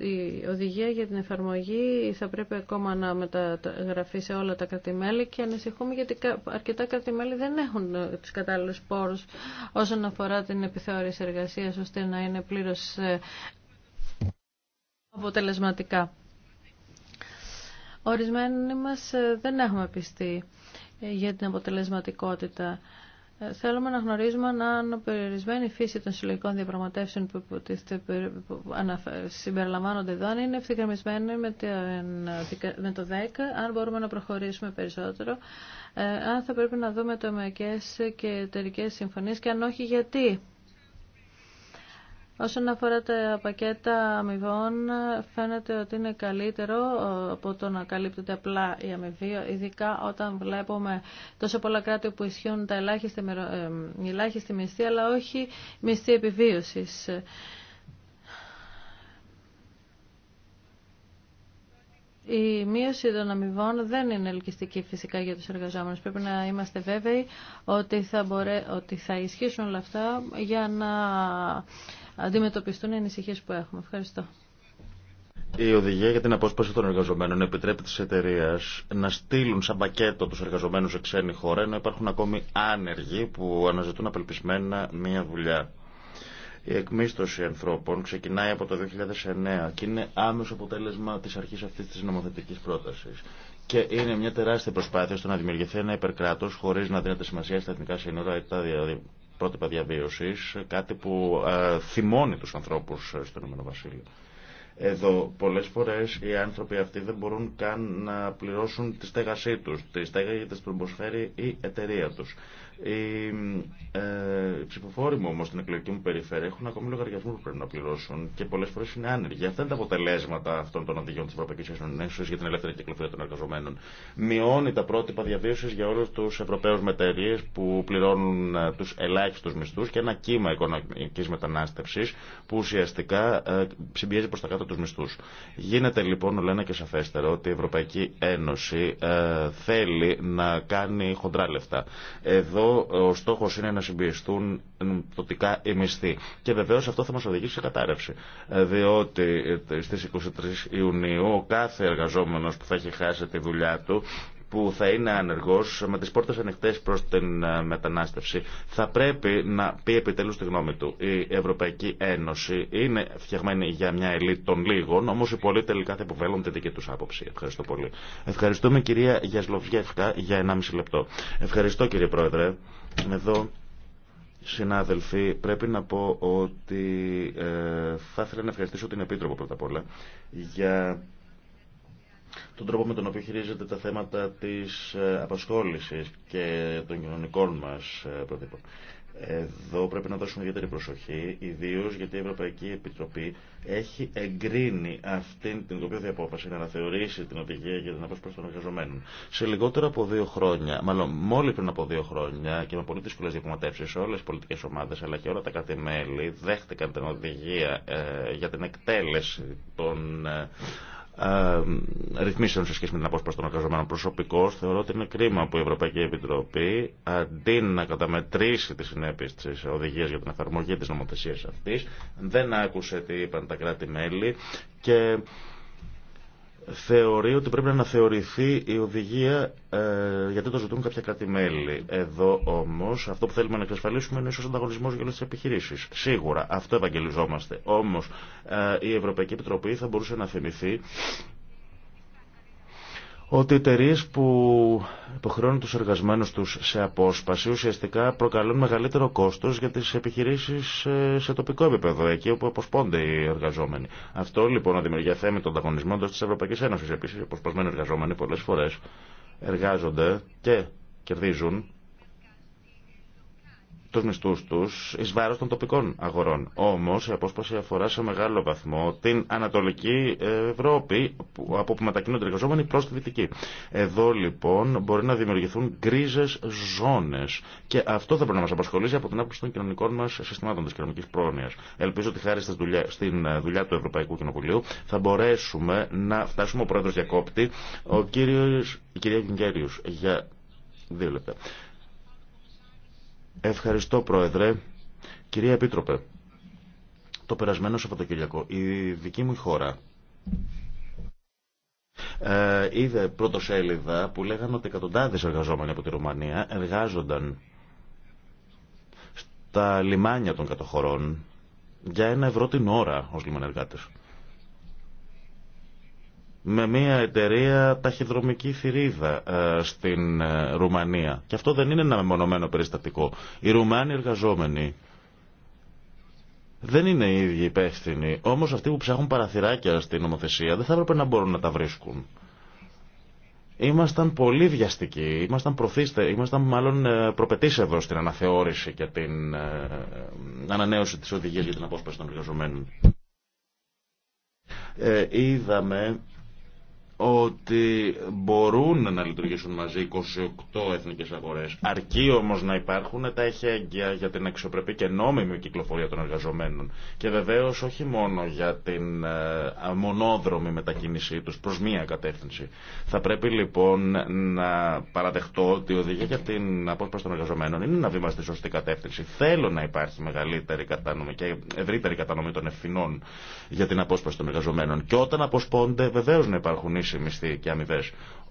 η οδηγία για την εφαρμογή θα πρέπει ακόμα να μεταγραφεί σε όλα τα κρατημέλη και ανησυχούμε γιατί αρκετά κρατημέλη δεν έχουν ε, του κατάλληλους πόρους όσον αφορά την επιθεώρηση εργασίας ώστε να είναι πλήρως ε, αποτελεσματικά. Ορισμένοι μας ε, δεν έχουμε πιστεί για την αποτελεσματικότητα ε, θέλουμε να γνωρίζουμε αν περιορισμένη φύση των συλλογικών διαπραγματεύσεων που συμπεριλαμβάνονται εδώ αν είναι ευθυγραμμισμένη με ε, το 10, αν μπορούμε να προχωρήσουμε περισσότερο, ε, αν θα πρέπει να δούμε τομεακές και εταιρικέ συμφωνίες και αν όχι γιατί. Όσον αφορά τα πακέτα αμοιβών, φαίνεται ότι είναι καλύτερο από το να καλύπτεται απλά ή αμοιβή, ειδικά όταν βλέπουμε τόσα πολλά απλά η αμοιβή, ειδικά όταν βλέπουμε τόσο πολλά κράτη που ισχύουν τα ελάχιστη, ελάχιστη μισθή, αλλά όχι μισθή επιβίωσης. Η μείωση των αμοιβών δεν είναι ελκυστική φυσικά για τους εργαζόμενους. Πρέπει να είμαστε βέβαιοι ότι θα, μπορέ... ότι θα ισχύσουν όλα αυτά για να αντιμετωπιστούν οι ανησυχίες που έχουμε. Ευχαριστώ. Η οδηγία για την απόσπαση των εργαζομένων επιτρέπει τη εταιρεία να στείλουν σαν πακέτο του εργαζομένου σε ξένη χώρα, ενώ υπάρχουν ακόμη άνεργοι που αναζητούν απελπισμένα μία δουλειά. Η εκμίστοση ανθρώπων ξεκινάει από το 2009 και είναι άμεσο αποτέλεσμα τη αρχή αυτή τη νομοθετική πρόταση. Και είναι μια τεράστια προσπάθεια στο να δημιουργηθεί ένα υπερκράτο χωρί να δίνεται σημασία στα εθνικά σύνορα ή τα πρότυπα διαβίωση, κάτι που ε, θυμώνει του ανθρώπου ε, στο Ηνωμένο Βασίλειο. Εδώ πολλέ φορέ οι άνθρωποι αυτοί δεν μπορούν καν να πληρώσουν τη στέγασή του, τη στέγα για τις η εταιρεία τους. Οι ε, ψηφοφόροι μου όμω στην εκλογική μου περιφέρεια έχουν ακόμη λογαριασμού που πρέπει να πληρώσουν και πολλέ φορέ είναι άνεργοι. Αυτά είναι τα αποτελέσματα αυτών των οδηγιών τη Ευρωπαϊκή Ένωση για την ελεύθερη κυκλοφορία των εργαζομένων. Μειώνει τα πρότυπα διαβίωση για όλου του Ευρωπαίου μετερίε που πληρώνουν ε, του ελάχιστου μισθού και ένα κύμα οικονομική μετανάστευση που ουσιαστικά ε, συμπιέζει προ τα κάτω του μισθού. Γίνεται λοιπόν, λένε και σαφέστερο, ότι η Ευρωπαϊκή Ένωση ε, θέλει να κάνει χοντρά λεφτά. Εδώ ο στόχο είναι να συμπιεστούν τοπικά οι μισθοί. Και βεβαίω αυτό θα μα οδηγήσει σε κατάρρευση. Ε, διότι ε, στι 23 Ιουνίου ο κάθε εργαζόμενο που θα έχει χάσει τη δουλειά του που θα είναι ανεργός με τις πόρτες ανοιχτές προς την ε, μετανάστευση θα πρέπει να πει επιτέλους τη γνώμη του. Η Ευρωπαϊκή Ένωση είναι φτιαγμένη για μια ελίτ των λίγων, όμως οι πολλοί τελικά θα υποβέλουν τη δική τους άποψη. Ευχαριστώ πολύ. Ευχαριστούμε κυρία Γιασλοβιέφκα για 1,5 λεπτό. Ευχαριστώ κύριε Πρόεδρε. Εδώ συνάδελφοι, πρέπει να πω ότι ε, θα ήθελα να ευχαριστήσω την Επίτροπο πρώτα απ' όλα για τον τρόπο με τον οποίο χειρίζεται τα θέματα της ε, απασχόλησης και των κοινωνικών μας ε, προτύπων. Εδώ πρέπει να δώσουμε ιδιαίτερη προσοχή, ιδίω γιατί η Ευρωπαϊκή Επιτροπή έχει εγκρίνει αυτήν την κοπή απόφαση να αναθεωρήσει την οδηγία για την απόσπαση των εργαζομένων. Σε λιγότερο από δύο χρόνια, μάλλον μόλι πριν από δύο χρόνια και με πολύ δύσκολε διαπραγματεύσει, όλε οι πολιτικέ ομάδε αλλά και όλα τα κατημέλη μελη δέχτηκαν την οδηγία ε, για την εκτέλεση των ε, ρυθμίσεων σε σχέση με την απόσπαση των εργαζομένων προσωπικώ, θεωρώ ότι είναι κρίμα που η Ευρωπαϊκή Επιτροπή αντί να καταμετρήσει τι συνέπειε τη οδηγία για την εφαρμογή τη νομοθεσία αυτή, δεν άκουσε τι είπαν τα κράτη-μέλη και θεωρεί ότι πρέπει να αναθεωρηθεί η οδηγία ε, γιατί το ζητούν κάποια κράτη-μέλη. Εδώ όμω αυτό που θέλουμε να εξασφαλίσουμε είναι ίσω ανταγωνισμό για όλε τι επιχειρήσει. Σίγουρα αυτό ευαγγελιζόμαστε. Όμω ε, η Ευρωπαϊκή Επιτροπή θα μπορούσε να θυμηθεί ότι οι εταιρείε που υποχρεώνουν τους εργασμένους τους σε απόσπαση ουσιαστικά προκαλούν μεγαλύτερο κόστος για τις επιχειρήσεις ε, σε τοπικό επίπεδο, εκεί όπου αποσπώνται οι εργαζόμενοι. Αυτό λοιπόν να δημιουργεί θέμα των ανταγωνισμών τη Ευρωπαϊκή Ένωση. Επίση, οι αποσπασμένοι εργαζόμενοι πολλέ φορέ, εργάζονται και κερδίζουν τους μισθούς τους εις βάρος των τοπικών αγορών. Όμως η απόσπαση αφορά σε μεγάλο βαθμό την Ανατολική Ευρώπη από που μετακινούνται εργαζόμενοι προς τη Δυτική. Εδώ λοιπόν μπορεί να δημιουργηθούν γκρίζε ζώνες και αυτό θα πρέπει να μας απασχολήσει από την άποψη των κοινωνικών μας συστημάτων της κοινωνικής πρόνοιας. Ελπίζω ότι χάρη δουλειά, στην δουλειά του Ευρωπαϊκού Κοινοβουλίου θα μπορέσουμε να φτάσουμε ο πρόεδρος διακόπτη, ο κύριος, η κυρία για δύο Ευχαριστώ, Πρόεδρε. Κυρία Επίτροπε, το περασμένο Σαββατοκύριακο η δική μου χώρα ε, είδε πρώτο που λέγανε ότι εκατοντάδες εργαζόμενοι από τη Ρουμανία εργάζονταν στα λιμάνια των κατοχωρών για ένα ευρώ την ώρα ως λιμανεργάτες με μια εταιρεία ταχυδρομική θηρίδα ε, στην ε, Ρουμανία. Και αυτό δεν είναι ένα μεμονωμένο περιστατικό. Οι Ρουμάνοι εργαζόμενοι δεν είναι οι ίδιοι υπεύθυνοι. Όμω αυτοί που ψάχνουν παραθυράκια στην νομοθεσία δεν θα έπρεπε να μπορούν να τα βρίσκουν. Ήμασταν πολύ βιαστικοί, ήμασταν προθήστε, ήμασταν μάλλον ε, προπετήσε στην αναθεώρηση και την ανανέωση της οδηγίας για την απόσπαση των εργαζομένων. είδαμε ότι μπορούν να λειτουργήσουν μαζί 28 εθνικές αγορές, αρκεί όμως να υπάρχουν τα έχει για την αξιοπρεπή και νόμιμη κυκλοφορία των εργαζομένων και βεβαίως όχι μόνο για την ε, μονόδρομη μετακίνησή τους προς μία κατεύθυνση. Θα πρέπει λοιπόν να παραδεχτώ ότι η για την απόσπαση των εργαζομένων είναι να βήμα στη σωστή κατεύθυνση. Θέλω να υπάρχει μεγαλύτερη κατανομή και ευρύτερη κατανομή των ευθυνών για την απόσπαση των εργαζομένων και όταν αποσπώνται βεβαίως να υπάρχουν οι μισθοί και αμοιβέ.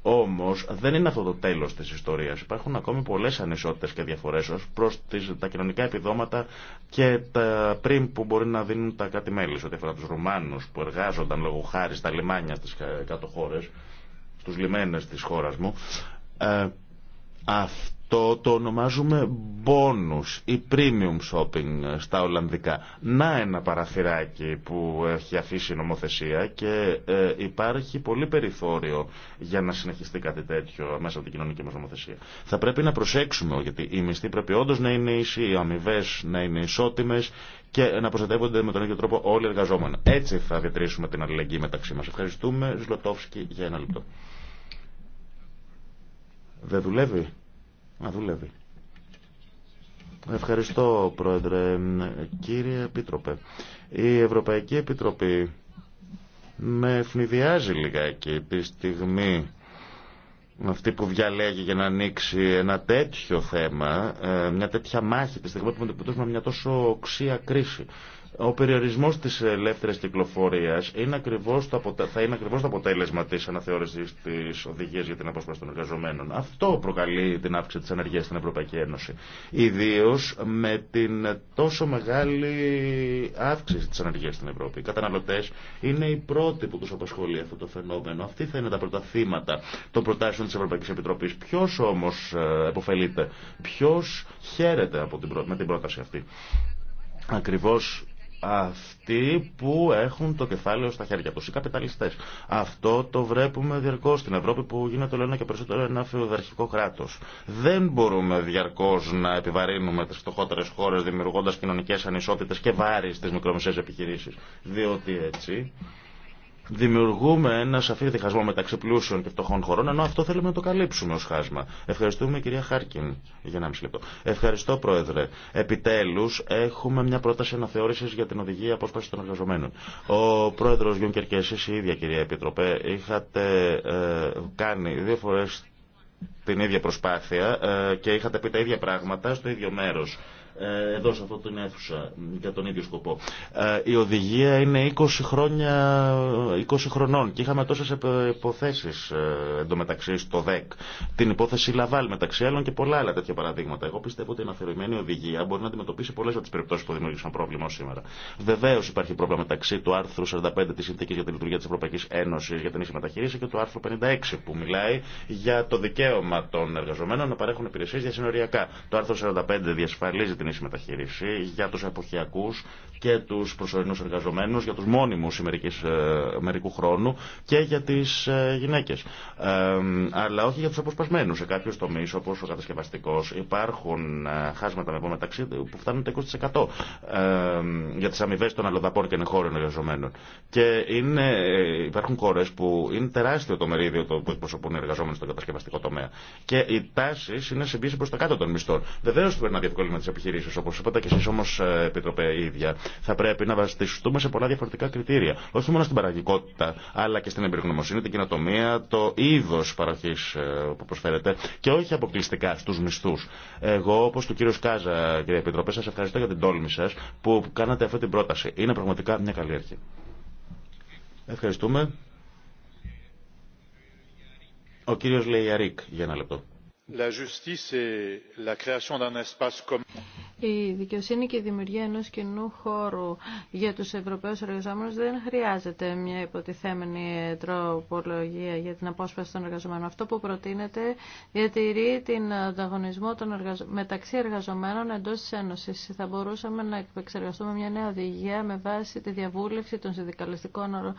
Όμω δεν είναι αυτό το τέλο τη ιστορία. Υπάρχουν ακόμη πολλέ ανισότητε και διαφορέ ω προ τα κοινωνικά επιδόματα και τα πριν που μπορεί να δίνουν τα κάτι μέλη. ό,τι αφορά του Ρουμάνου που εργάζονταν λόγω χάρη στα λιμάνια στι κάτω χώρε, στου λιμένε τη χώρα μου. Ε, το, το ονομάζουμε bonus ή premium shopping στα Ολλανδικά. Να ένα παραθυράκι που έχει αφήσει η νομοθεσία και ε, υπάρχει πολύ περιθώριο για να συνεχιστεί κάτι τέτοιο μέσα από την κοινωνική μας νομοθεσία. Θα πρέπει να προσέξουμε γιατί οι μισθοί πρέπει όντω να είναι ίσοι, οι αμοιβέ να είναι ισότιμες και να προστατεύονται με τον ίδιο τρόπο όλοι οι εργαζόμενοι. Έτσι θα διατηρήσουμε την αλληλεγγύη μεταξύ μας. Ευχαριστούμε. Ζλωτόφσκι για ένα λεπτό. Δεν δουλεύει. Α, δουλεύει. Ευχαριστώ, Πρόεδρε. Κύριε Επίτροπε, η Ευρωπαϊκή Επιτροπή με ευνηδιάζει λιγάκι τη στιγμή αυτή που διαλέγει για να ανοίξει ένα τέτοιο θέμα, ε, μια τέτοια μάχη τη στιγμή που αντιμετωπίζουμε μια τόσο οξία κρίση. Ο περιορισμό τη ε, ελεύθερη κυκλοφορία θα είναι ακριβώ το αποτέλεσμα τη αναθεώρησης τη οδηγία για την απόσπαση των εργαζομένων. Αυτό προκαλεί την αύξηση τη ανεργία στην Ευρωπαϊκή Ένωση. Ιδίω με την τόσο μεγάλη αύξηση τη ανεργία στην Ευρώπη. Οι καταναλωτέ είναι οι πρώτοι που του απασχολεί αυτό το φαινόμενο. Αυτή θα είναι τα πρώτα θύματα των προτάσεων τη Ευρωπαϊκή Επιτροπής. Ποιο όμω ε, εποφελείται, Ποιο χαίρεται από την... με την πρόταση αυτή. Ακριβώς αυτοί που έχουν το κεφάλαιο στα χέρια τους, οι καπιταλιστές. Αυτό το βλέπουμε διαρκώ στην Ευρώπη που γίνεται όλο ένα και περισσότερο ένα φεουδαρχικό κράτος. Δεν μπορούμε διαρκώ να επιβαρύνουμε τις φτωχότερε χώρες δημιουργώντα κοινωνικέ ανισότητες και βάρη στις μικρομεσαίες επιχειρήσεις, διότι έτσι δημιουργούμε ένα σαφή διχασμό μεταξύ πλούσιων και φτωχών χωρών, ενώ αυτό θέλουμε να το καλύψουμε ω χάσμα. Ευχαριστούμε, κυρία Χάρκιν, για να μισή λεπτό. Ευχαριστώ, Πρόεδρε. Επιτέλου, έχουμε μια πρόταση αναθεώρηση για την οδηγία απόσπαση των εργαζομένων. Ο Πρόεδρο Γιούνκερ και εσεί η ίδια, κυρία Επιτροπέ, είχατε ε, κάνει δύο φορέ την ίδια προσπάθεια ε, και είχατε πει τα ίδια πράγματα στο ίδιο μέρο. Ε, εδώ σε αυτό την αίθουσα για τον ίδιο σκοπό. Ε, η οδηγία είναι 20 χρόνια, 20 χρονών και είχαμε τόσες υποθέσεις ε, εντωμεταξύ στο ΔΕΚ. Την υπόθεση Λαβάλ μεταξύ άλλων και πολλά άλλα τέτοια παραδείγματα. Εγώ πιστεύω ότι η αναθεωρημένη οδηγία μπορεί να αντιμετωπίσει πολλέ από τις περιπτώσεις που δημιούργησαν πρόβλημα σήμερα. Βεβαίως υπάρχει πρόβλημα μεταξύ του άρθρου 45 της Συνθήκης για τη Λειτουργία της Ευρωπαϊκής Ένωσης για την ίση μεταχείριση και του άρθρου 56 που μιλάει για το δικαίωμα των εργαζομένων να παρέχουν υπηρεσίες διασυνοριακά. Το άρθρο 45 διασφαλίζει την ίση μεταχείριση, για τους εποχιακού και τους προσωρινούς εργαζομένους, για τους μόνιμους ημερικού ε, μερικού χρόνου και για τις ε, γυναίκες. Ε, αλλά όχι για τους αποσπασμένους. Σε κάποιου τομείς, όπως ο κατασκευαστικό, υπάρχουν χάσματα με μεταξύ που φτάνουν το 20% για τις αμοιβέ των αλλοδαπών και εγχώριων εργαζομένων. Και είναι, υπάρχουν χώρε που είναι τεράστιο το μερίδιο το που εκπροσωπούν οι εργαζόμενοι στον κατασκευαστικό τομέα. Και οι τάσει είναι σε προ τα κάτω των μισθών. Βεβαίω πρέπει να διευκολύνουμε τι επιχειρήσει επιχειρήσει, όπω είπατε και εσεί όμω, ε, Επιτροπέ, ίδια, θα πρέπει να βασιστούμε σε πολλά διαφορετικά κριτήρια. Όχι μόνο στην παραγωγικότητα, αλλά και στην εμπειρογνωμοσύνη, την κοινοτομία, το είδο παροχή ε, που προσφέρεται και όχι αποκλειστικά στου μισθού. Εγώ, όπω του κύριο Κάζα, κύριε Επιτροπέ, σα ευχαριστώ για την τόλμη σα που κάνατε αυτή την πρόταση. Είναι πραγματικά μια καλή αρχή. Ευχαριστούμε. Ο κύριος Λεϊαρίκ για ένα λεπτό. Η δικαιοσύνη και η δημιουργία ενός κοινού χώρου για τους Ευρωπαίους εργαζόμενους δεν χρειάζεται μια υποτιθέμενη τροπολογία για την απόσπαση των εργαζομένων. Αυτό που προτείνεται διατηρεί την ανταγωνισμό των μεταξύ εργαζομένων εντός της Ένωσης. Θα μπορούσαμε να επεξεργαστούμε μια νέα οδηγία με βάση τη διαβούλευση των συνδικαλιστικών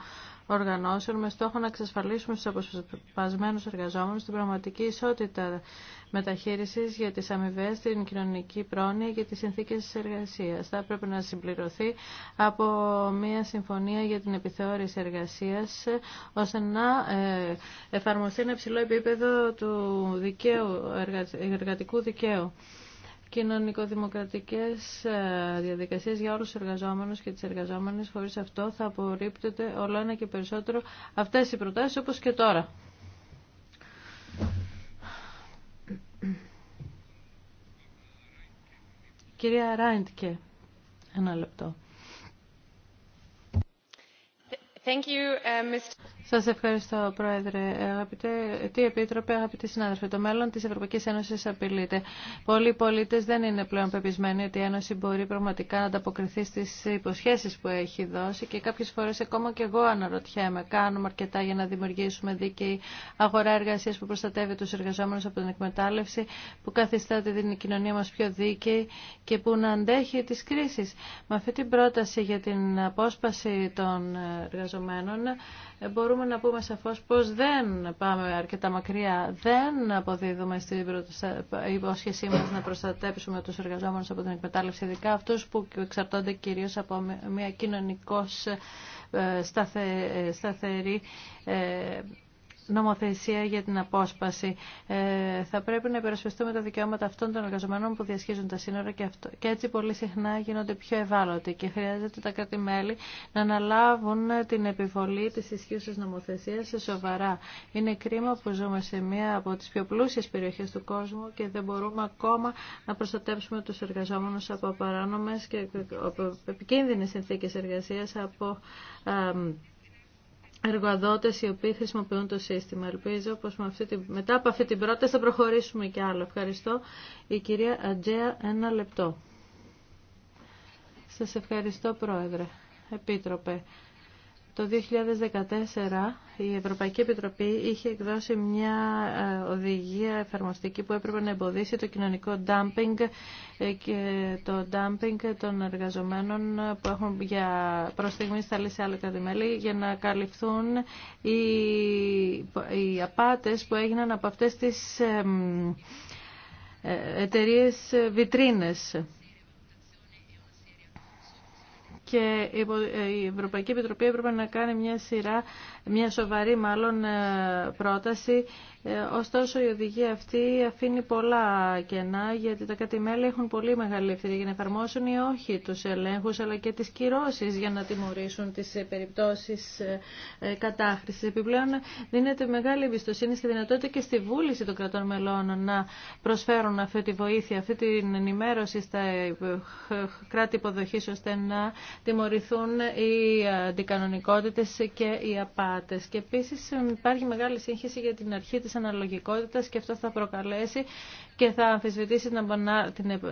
οργανώσεων με στόχο να εξασφαλίσουμε στους αποσπασμένους εργαζόμενους την πραγματική ισότητα μεταχείρισης για τις αμοιβέ, την κοινωνική πρόνοια και τις συνθήκες εργασίας. Θα έπρεπε να συμπληρωθεί από μια συμφωνία για την επιθεώρηση εργασίας ώστε να ε, εφαρμοστεί ένα υψηλό επίπεδο του δικαίου, εργατικού δικαίου Κοινωνικοδημοκρατικέ ε, διαδικασίες για όλους τους εργαζόμενους και τις εργαζόμενε. Χωρίς αυτό θα απορρίπτεται όλο ένα και περισσότερο αυτέ οι προτάσεις όπως και τώρα. Κυρία Ράιντκε, ένα λεπτό. Uh, Σας ευχαριστώ, Πρόεδρε. Αγαπητέ, τι επίτροπε, αγαπητοί συνάδελφοι, το μέλλον της Ευρωπαϊκής Ένωσης απειλείται. Πολλοί πολίτες δεν είναι πλέον πεπισμένοι ότι η Ένωση μπορεί πραγματικά να ανταποκριθεί στις υποσχέσεις που έχει δώσει και κάποιες φορές ακόμα και εγώ αναρωτιέμαι, κάνουμε αρκετά για να δημιουργήσουμε δίκαιη αγορά εργασίας που προστατεύει τους εργαζόμενους από την εκμετάλλευση, που καθιστά την κοινωνία μας πιο δίκαιη και που να αντέχει τις κρίσεις. Με αυτή την πρόταση για την απόσπαση των εργαζόμενων εργαζομένων ε, μπορούμε να πούμε σαφώς πως δεν πάμε αρκετά μακριά, δεν αποδίδουμε στην υπόσχεσή μας να προστατέψουμε τους εργαζόμενους από την εκμετάλλευση, ειδικά αυτούς που εξαρτώνται κυρίως από μια κοινωνικώς ε, ε, σταθερή νομοθεσία για την απόσπαση. Ε, θα πρέπει να υπερασπιστούμε τα δικαιώματα αυτών των εργαζομένων που διασχίζουν τα σύνορα και, αυτό, και έτσι πολύ συχνά γίνονται πιο ευάλωτοι και χρειάζεται τα κράτη-μέλη να αναλάβουν την επιβολή τη ισχύουσα νομοθεσία. σε σοβαρά. Είναι κρίμα που ζούμε σε μία από τι πιο πλούσιε περιοχέ του κόσμου και δεν μπορούμε ακόμα να προστατέψουμε του εργαζόμενου από παράνομε και επικίνδυνε συνθήκε εργασία από Εργοδότε οι οποίοι χρησιμοποιούν το σύστημα. Ελπίζω πως με μετά από αυτή την πρόταση θα προχωρήσουμε κι άλλο. Ευχαριστώ. Η κυρία Ατζέα, ένα λεπτό. Σας ευχαριστώ, Πρόεδρε. Επίτροπε. Το 2014 η Ευρωπαϊκή Επιτροπή είχε εκδώσει μια ε, οδηγία εφαρμοστική που έπρεπε να εμποδίσει το κοινωνικό dumping ε, και το dumping των εργαζομένων που έχουν για προς στιγμή σταλεί σε άλλο κατημέλη για να καλυφθούν οι, οι απάτες που έγιναν από αυτές τις ε, εταιρείες βιτρίνες και η Ευρωπαϊκή Επιτροπή έπρεπε να κάνει μια σειρά, μια σοβαρή μάλλον ε, πρόταση ε, ωστόσο η οδηγία αυτή αφήνει πολλά κενά γιατί τα κατημέλια έχουν πολύ μεγάλη ευθύνη για να εφαρμόσουν ή όχι του ελέγχου αλλά και τι κυρώσει για να τιμωρήσουν τις ε, περιπτώσεις ε, κατάχρησης. Επιπλέον δίνεται μεγάλη εμπιστοσύνη στη δυνατότητα και στη βούληση των κρατών μελών να προσφέρουν αυτή τη βοήθεια, αυτή την ενημέρωση στα κράτη υποδοχή ώστε να τιμωρηθούν οι αντικανονικότητες και οι απάτε. Και επίση υπάρχει μεγάλη σύγχυση για την αρχή τη της αναλογικότητας και αυτό θα προκαλέσει και θα αμφισβητήσει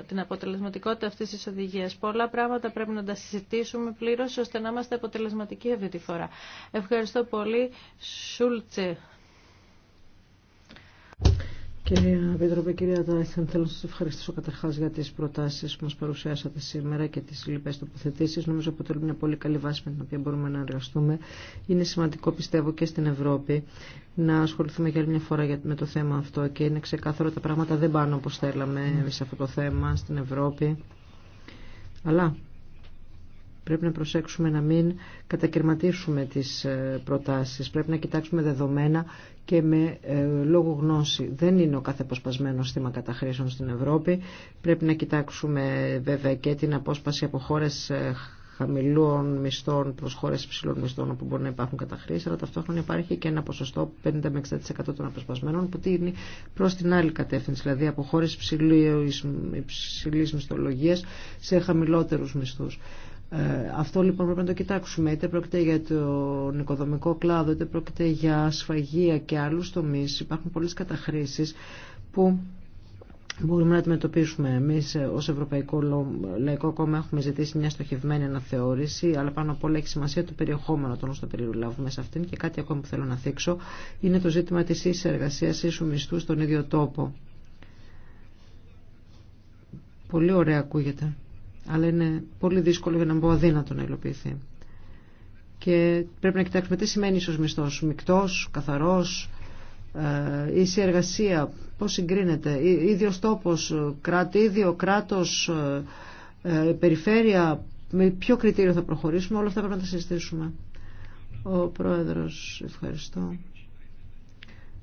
την αποτελεσματικότητα αυτής της οδηγίας. Πολλά πράγματα πρέπει να τα συζητήσουμε πλήρως ώστε να είμαστε αποτελεσματικοί αυτή τη φορά. Ευχαριστώ πολύ. Σούλτσε. Κυρία Πίτροπε, κυρία Τάισεν, θέλω να σα ευχαριστήσω καταρχά για τι προτάσει που μα παρουσιάσατε σήμερα και τι λοιπέ τοποθετήσει. Νομίζω αποτελούν μια πολύ καλή βάση με την οποία μπορούμε να εργαστούμε. Είναι σημαντικό, πιστεύω, και στην Ευρώπη να ασχοληθούμε για άλλη μια φορά με το θέμα αυτό και είναι ξεκάθαρο ότι τα πράγματα δεν πάνε όπω θέλαμε σε αυτό το θέμα στην Ευρώπη. Αλλά πρέπει να προσέξουμε να μην κατακαιρματίσουμε τις ε, προτάσεις, πρέπει να κοιτάξουμε δεδομένα και με ε, λόγο γνώση. Δεν είναι ο κάθε αποσπασμένο θύμα καταχρήσεων στην Ευρώπη. Πρέπει να κοιτάξουμε βέβαια και την απόσπαση από χώρε ε, χαμηλών μισθών προ χώρε υψηλών μισθών όπου μπορεί να υπάρχουν καταχρήσει, αλλά ταυτόχρονα υπάρχει και ένα ποσοστό 50 με 60% των αποσπασμένων που τίνει προ την άλλη κατεύθυνση, δηλαδή από χώρε υψηλή μισθολογία σε χαμηλότερου μισθού. Ε, αυτό λοιπόν πρέπει να το κοιτάξουμε. Είτε πρόκειται για το οικοδομικό κλάδο, είτε πρόκειται για σφαγεία και άλλους τομείς. Υπάρχουν πολλές καταχρήσεις που μπορούμε να αντιμετωπίσουμε. Εμεί ω Ευρωπαϊκό Λαϊκό Κόμμα έχουμε ζητήσει μια στοχευμένη αναθεώρηση, αλλά πάνω απ' όλα έχει σημασία το περιεχόμενο των όσων περιουλάβουμε σε αυτήν. Και κάτι ακόμα που θέλω να θίξω είναι το ζήτημα τη ίση εργασία, ίσου μισθού στον ίδιο τόπο. Πολύ ωραία ακούγεται αλλά είναι πολύ δύσκολο για να μπω αδύνατο να υλοποιηθεί. Και πρέπει να κοιτάξουμε τι σημαίνει ίσως μισθός, μικτός, καθαρός, ε, ίση εργασία, πώς συγκρίνεται, ίδιος τόπος, ε, κράτη, ίδιο κράτος, ε, ε, περιφέρεια, με ποιο κριτήριο θα προχωρήσουμε, όλα αυτά πρέπει να τα συζητήσουμε. Ο Πρόεδρος, ευχαριστώ.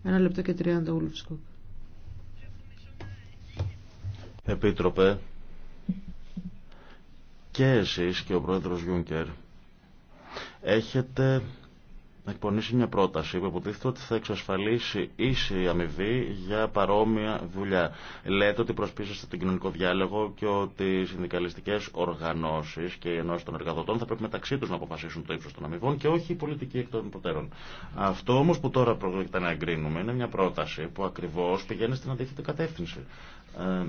Ένα λεπτό και τριάντα, Ούλουφσκοπ. Επίτροπε, και εσείς και ο πρόεδρος Γιούνκερ έχετε εκπονήσει μια πρόταση που υποτίθεται ότι θα εξασφαλίσει ίση αμοιβή για παρόμοια δουλειά. Λέτε ότι προσπίσεστε τον κοινωνικό διάλογο και ότι οι συνδικαλιστικές οργανώσεις και οι ενώσεις των εργαδοτών θα πρέπει μεταξύ τους να αποφασίσουν το ύψος των αμοιβών και όχι η πολιτική εκ των προτέρων. Αυτό όμως που τώρα πρόκειται να εγκρίνουμε είναι μια πρόταση που ακριβώς πηγαίνει στην αντίθετη κατεύθυνση. Ε,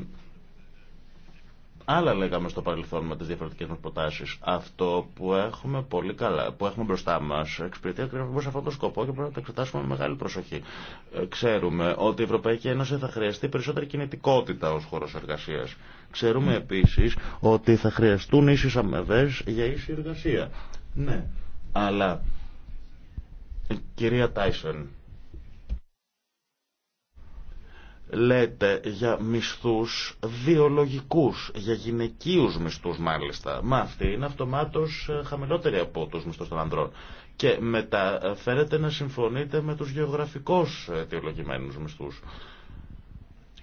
Άλλα λέγαμε στο παρελθόν με τι διαφορετικέ μα προτάσει. Αυτό που έχουμε πολύ καλά, που έχουμε μπροστά μα, εξυπηρετεί ακριβώ αυτόν τον σκοπό και πρέπει να το εξετάσουμε με μεγάλη προσοχή. Ε, ξέρουμε ότι η Ευρωπαϊκή Ένωση θα χρειαστεί περισσότερη κινητικότητα ω χώρο εργασία. Ξέρουμε ναι. επίση ότι θα χρειαστούν ίσε αμοιβέ για ίση εργασία. Ναι. Αλλά, ε, κυρία Τάισον, λέτε για μισθούς βιολογικούς, για γυναικείους μισθούς μάλιστα. Μα αυτή είναι αυτομάτως ε, χαμηλότερη από τους μισθούς των ανδρών. Και μετά ε, να συμφωνείτε με τους γεωγραφικώς αιτιολογημένους μισθούς.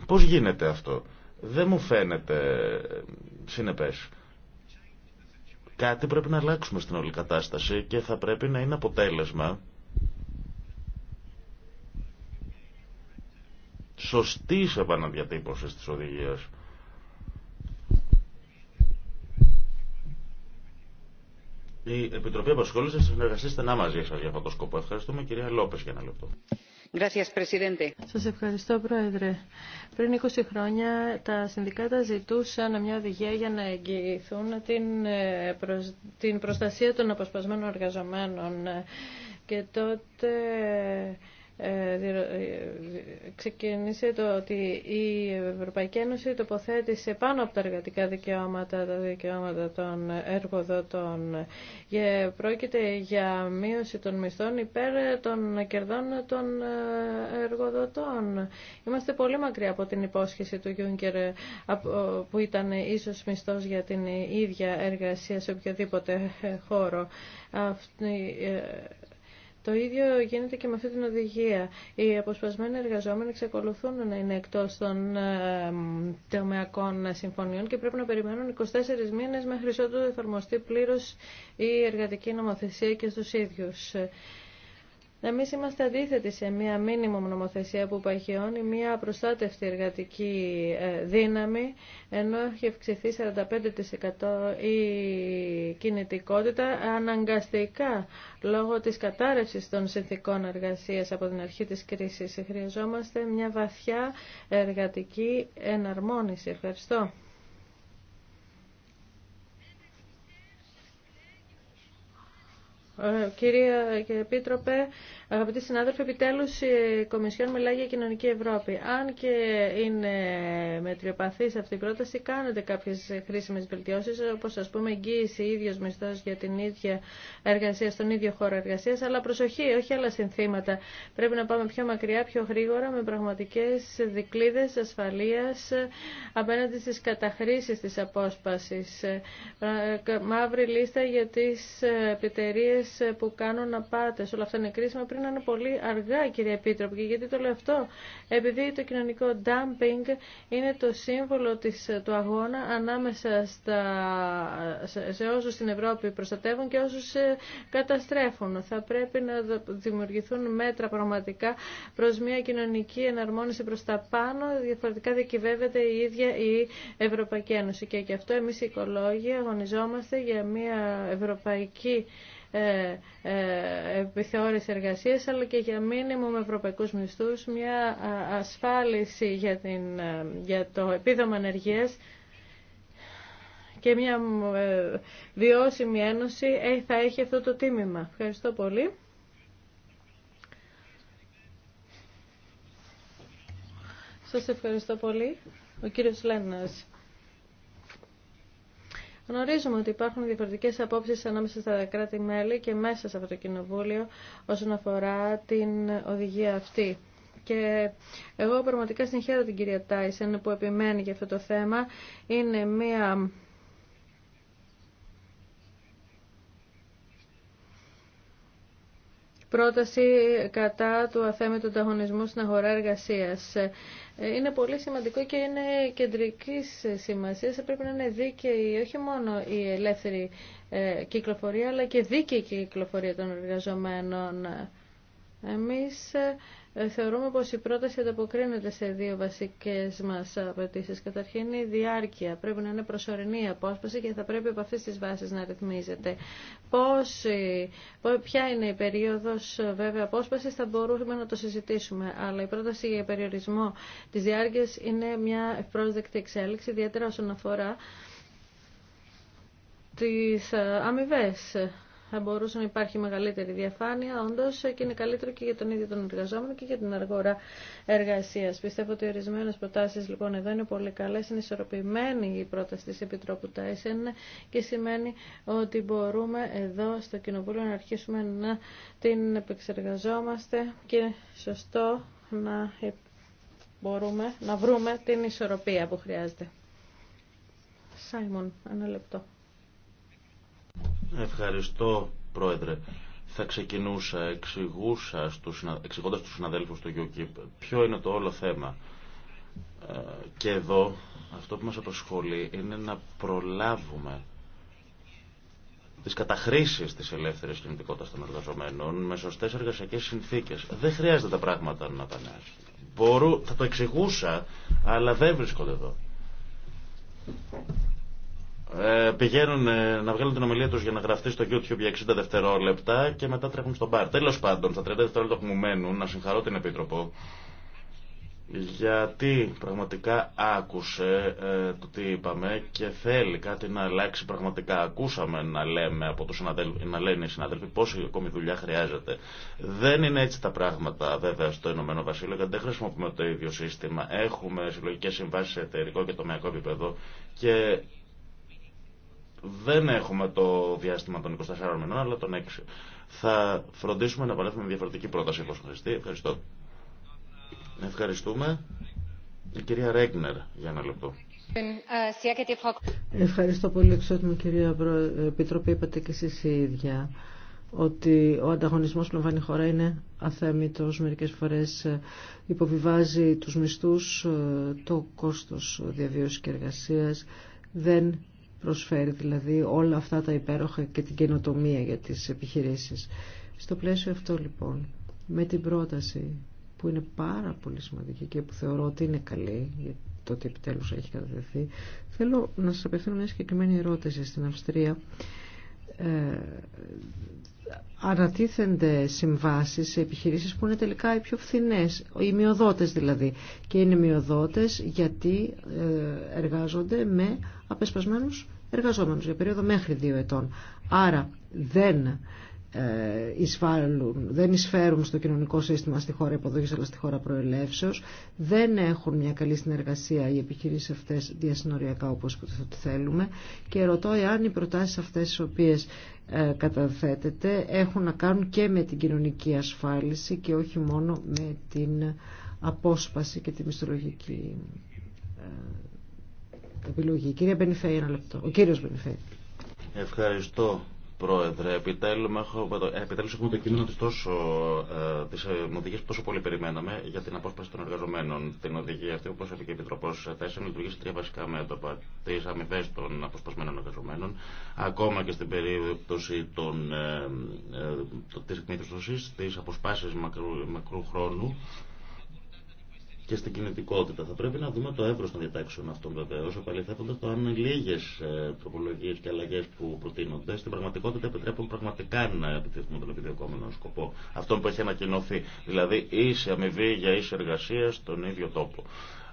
Πώς γίνεται αυτό. Δεν μου φαίνεται ε, συνεπές. Κάτι πρέπει να αλλάξουμε στην όλη κατάσταση και θα πρέπει να είναι αποτέλεσμα σωστής επαναδιατύπωσης της οδηγίας. Η Επιτροπή Απασχόλησης συνεργαστεί στενά μαζί σας για αυτό το σκοπό. Ευχαριστούμε κυρία Λόπες για ένα λεπτό. Σας ευχαριστώ, Πρόεδρε. Πριν 20 χρόνια τα συνδικάτα ζητούσαν μια οδηγία για να εγγυηθούν την ε, προστασία των αποσπασμένων εργαζομένων και τότε ε, ε, ξεκίνησε το ότι η Ευρωπαϊκή Ένωση τοποθέτησε πάνω από τα εργατικά δικαιώματα τα δικαιώματα των εργοδοτών και πρόκειται για μείωση των μισθών υπέρ των κερδών των ε, εργοδοτών. Είμαστε πολύ μακριά από την υπόσχεση του Γιούγκερ που ήταν ίσως μισθός για την ίδια εργασία σε οποιοδήποτε χώρο. Το ίδιο γίνεται και με αυτή την οδηγία. Οι αποσπασμένοι εργαζόμενοι εξακολουθούν να είναι εκτός των ε, τομεακών συμφωνιών και πρέπει να περιμένουν 24 μήνες μέχρι ότου εφαρμοστεί πλήρω η εργατική νομοθεσία και στους ίδιου. Εμεί είμαστε αντίθετοι σε μια μήνυμο νομοθεσία που παγιώνει μια προστάτευτη εργατική ε, δύναμη, ενώ έχει αυξηθεί 45% η κινητικότητα αναγκαστικά λόγω της κατάρρευσης των συνθήκων εργασίας από την αρχή της κρίσης. Χρειαζόμαστε μια βαθιά εργατική εναρμόνιση. Ευχαριστώ. Ε, κυρία Επίτροπε, αγαπητοί συνάδελφοι, επιτέλου, η Κομισιόν μιλάει για κοινωνική Ευρώπη. Αν και είναι μετριοπαθή αυτή η πρόταση, κάνετε κάποιε χρήσιμε βελτιώσει, όπω α πούμε εγγύηση ίδιο μισθό για την ίδια εργασία στον ίδιο χώρο εργασία, αλλά προσοχή, όχι άλλα συνθήματα. Πρέπει να πάμε πιο μακριά, πιο γρήγορα, με πραγματικέ δικλείδε ασφαλεία, απέναντι στι καταχρήσει τη απόσπαση. Ε, μαύρη λίστα για τι ε, επιτερίες ε, που κάνουν απάτες. Όλα αυτά είναι κρίσιμα πριν να είναι πολύ αργά, κύριε Επίτροπη. γιατί το λέω αυτό. Επειδή το κοινωνικό dumping είναι το σύμβολο της, του αγώνα ανάμεσα στα, σε όσους στην Ευρώπη προστατεύουν και όσους ε, καταστρέφουν. Θα πρέπει να δημιουργηθούν μέτρα πραγματικά προς μια κοινωνική εναρμόνιση προς τα πάνω. Διαφορετικά δικηβεύεται η ίδια η Ευρωπαϊκή Ένωση. Και γι' αυτό εμείς οι οικολόγοι αγωνιζόμαστε για μια ευρωπαϊκή ε, ε, επιθεώρηση εργασίας αλλά και για μήνυμο με ευρωπαϊκούς μισθούς, μια ασφάλιση για, την, ε, το επίδομα ανεργίας και μια βιώσιμη ένωση θα έχει αυτό το τίμημα. Ευχαριστώ πολύ. Σας ευχαριστώ πολύ. Ο κύριος Λένας. Γνωρίζουμε ότι υπάρχουν διαφορετικέ απόψει ανάμεσα στα κράτη-μέλη και μέσα σε αυτό το Κοινοβούλιο όσον αφορά την οδηγία αυτή. Και εγώ πραγματικά συγχαίρω την κυρία Τάισεν που επιμένει για αυτό το θέμα. Είναι μια πρόταση κατά του αθέμητου ανταγωνισμού στην αγορά εργασία. Είναι πολύ σημαντικό και είναι κεντρική σημασία. Πρέπει να είναι δίκαιη όχι μόνο η ελεύθερη ε, κυκλοφορία, αλλά και δίκαιη κυκλοφορία των εργαζομένων. Εμείς ε, θεωρούμε πως η πρόταση ανταποκρίνεται σε δύο βασικές μας απαιτήσει. Καταρχήν η διάρκεια. Πρέπει να είναι προσωρινή απόσπαση και θα πρέπει από αυτές τις βάσεις να ρυθμίζεται. Πώς, ε, ποια είναι η περίοδος ε, βέβαια απόσπασης θα μπορούμε να το συζητήσουμε. Αλλά η πρόταση για περιορισμό της διάρκειας είναι μια ευπρόσδεκτη εξέλιξη, ιδιαίτερα όσον αφορά τις αμοιβέ θα μπορούσε να υπάρχει μεγαλύτερη διαφάνεια, όντω και είναι καλύτερο και για τον ίδιο τον εργαζόμενο και για την αργόρα εργασία. Πιστεύω ότι ορισμένε προτάσει λοιπόν εδώ είναι πολύ καλέ, είναι ισορροπημένη η πρόταση τη Επιτρόπου Τάισεν και σημαίνει ότι μπορούμε εδώ στο Κοινοβούλιο να αρχίσουμε να την επεξεργαζόμαστε και σωστό να ε, μπορούμε να βρούμε την ισορροπία που χρειάζεται. Σάιμον, ένα λεπτό. Ευχαριστώ, Πρόεδρε. Θα ξεκινούσα εξηγούσα στους, εξηγώντας συναδέλφους του UKIP ποιο είναι το όλο θέμα. Ε, και εδώ αυτό που μας απασχολεί είναι να προλάβουμε τις καταχρήσεις της ελεύθερης κινητικότητας των εργαζομένων με σωστές εργασιακές συνθήκες Δεν χρειάζεται τα πράγματα να πάνε Μπορού, θα το εξηγούσα, αλλά δεν βρίσκονται εδώ. Ε, πηγαίνουν ε, να βγάλουν την ομιλία του για να γραφτεί στο YouTube για 60 δευτερόλεπτα και μετά τρέχουν στον μπαρ. Τέλο πάντων, στα 30 δευτερόλεπτα που μου μένουν, να συγχαρώ την Επίτροπο γιατί πραγματικά άκουσε ε, το τι είπαμε και θέλει κάτι να αλλάξει πραγματικά. Ακούσαμε να, λέμε από τους να λένε οι συνάδελφοι πόση ακόμη δουλειά χρειάζεται. Δεν είναι έτσι τα πράγματα βέβαια στο Ηνωμένο Βασίλειο, γιατί δεν χρησιμοποιούμε το ίδιο σύστημα. Έχουμε συλλογικές συμβάσεις σε εταιρικό και τομεακό επίπεδο και δεν έχουμε το διάστημα των 24 μηνών, αλλά των 6. Θα φροντίσουμε να παρέχουμε διαφορετική πρόταση, όπως χρειαστεί. Ευχαριστώ. Ευχαριστούμε. Η κυρία Ρέγνερ, για ένα λεπτό. Ευχαριστώ πολύ, εξότιμη κυρία Επιτροπή. Είπατε και εσείς η ίδια ότι ο ανταγωνισμός που λαμβάνει η χώρα είναι αθέμητος, μερικές φορές ε, υποβιβάζει τους μισθούς, ε, το κόστος διαβίωσης και εργασίας, δεν προσφέρει δηλαδή όλα αυτά τα υπέροχα και την καινοτομία για τις επιχειρήσεις. Στο πλαίσιο αυτό λοιπόν, με την πρόταση που είναι πάρα πολύ σημαντική και που θεωρώ ότι είναι καλή για το ότι επιτέλους έχει καταδεχθεί θέλω να σας απευθύνω μια συγκεκριμένη ερώτηση στην Αυστρία. Ε, ανατίθενται συμβάσεις σε επιχειρήσεις που είναι τελικά οι πιο φθηνές, οι μειοδότες δηλαδή. Και είναι μειοδότες γιατί ε, εργάζονται με απεσπασμένους εργαζόμενους για περίοδο μέχρι δύο ετών. Άρα δεν ε, εισφάλουν, δεν εισφέρουν στο κοινωνικό σύστημα στη χώρα υποδοχής αλλά στη χώρα προελεύσεως δεν έχουν μια καλή συνεργασία οι επιχειρήσεις αυτές διασυνοριακά όπως θέλουμε και ρωτώ εάν οι προτάσεις αυτές τις οποίες ε, καταθέτεται έχουν να κάνουν και με την κοινωνική ασφάλιση και όχι μόνο με την απόσπαση και τη μισθολογική ε, επιλογή. Κύριε Μπενιφέη, ένα λεπτό. Ο κύριος Μπενιφέη. Ευχαριστώ. Πρόεδρε, επιτέλους έχουμε το κείμενο της, τόσο, ε, της ε, οδηγίας που τόσο πολύ περιμέναμε για την απόσπαση των εργαζομένων. Την οδηγία αυτή, όπως και η Επιτροπός Θέσεων, λειτουργεί σε τρία βασικά μέτωπα. Τις αμοιβές των αποσπασμένων εργαζομένων, ακόμα και στην περίπτωση των, ε, ε, της εκμήτρωσης, αποσπάσεις μακρού, μακρού χρόνου και στην κινητικότητα. Θα πρέπει να δούμε το εύρο των διατάξεων αυτών βεβαίω, επαληθεύοντα το αν λίγε τροπολογίε και αλλαγέ που προτείνονται στην πραγματικότητα επιτρέπουν πραγματικά να επιτύχουμε τον επιδιωκόμενο σκοπό. Αυτό που έχει ανακοινωθεί. Δηλαδή ίση αμοιβή για ίση εργασία στον ίδιο τόπο.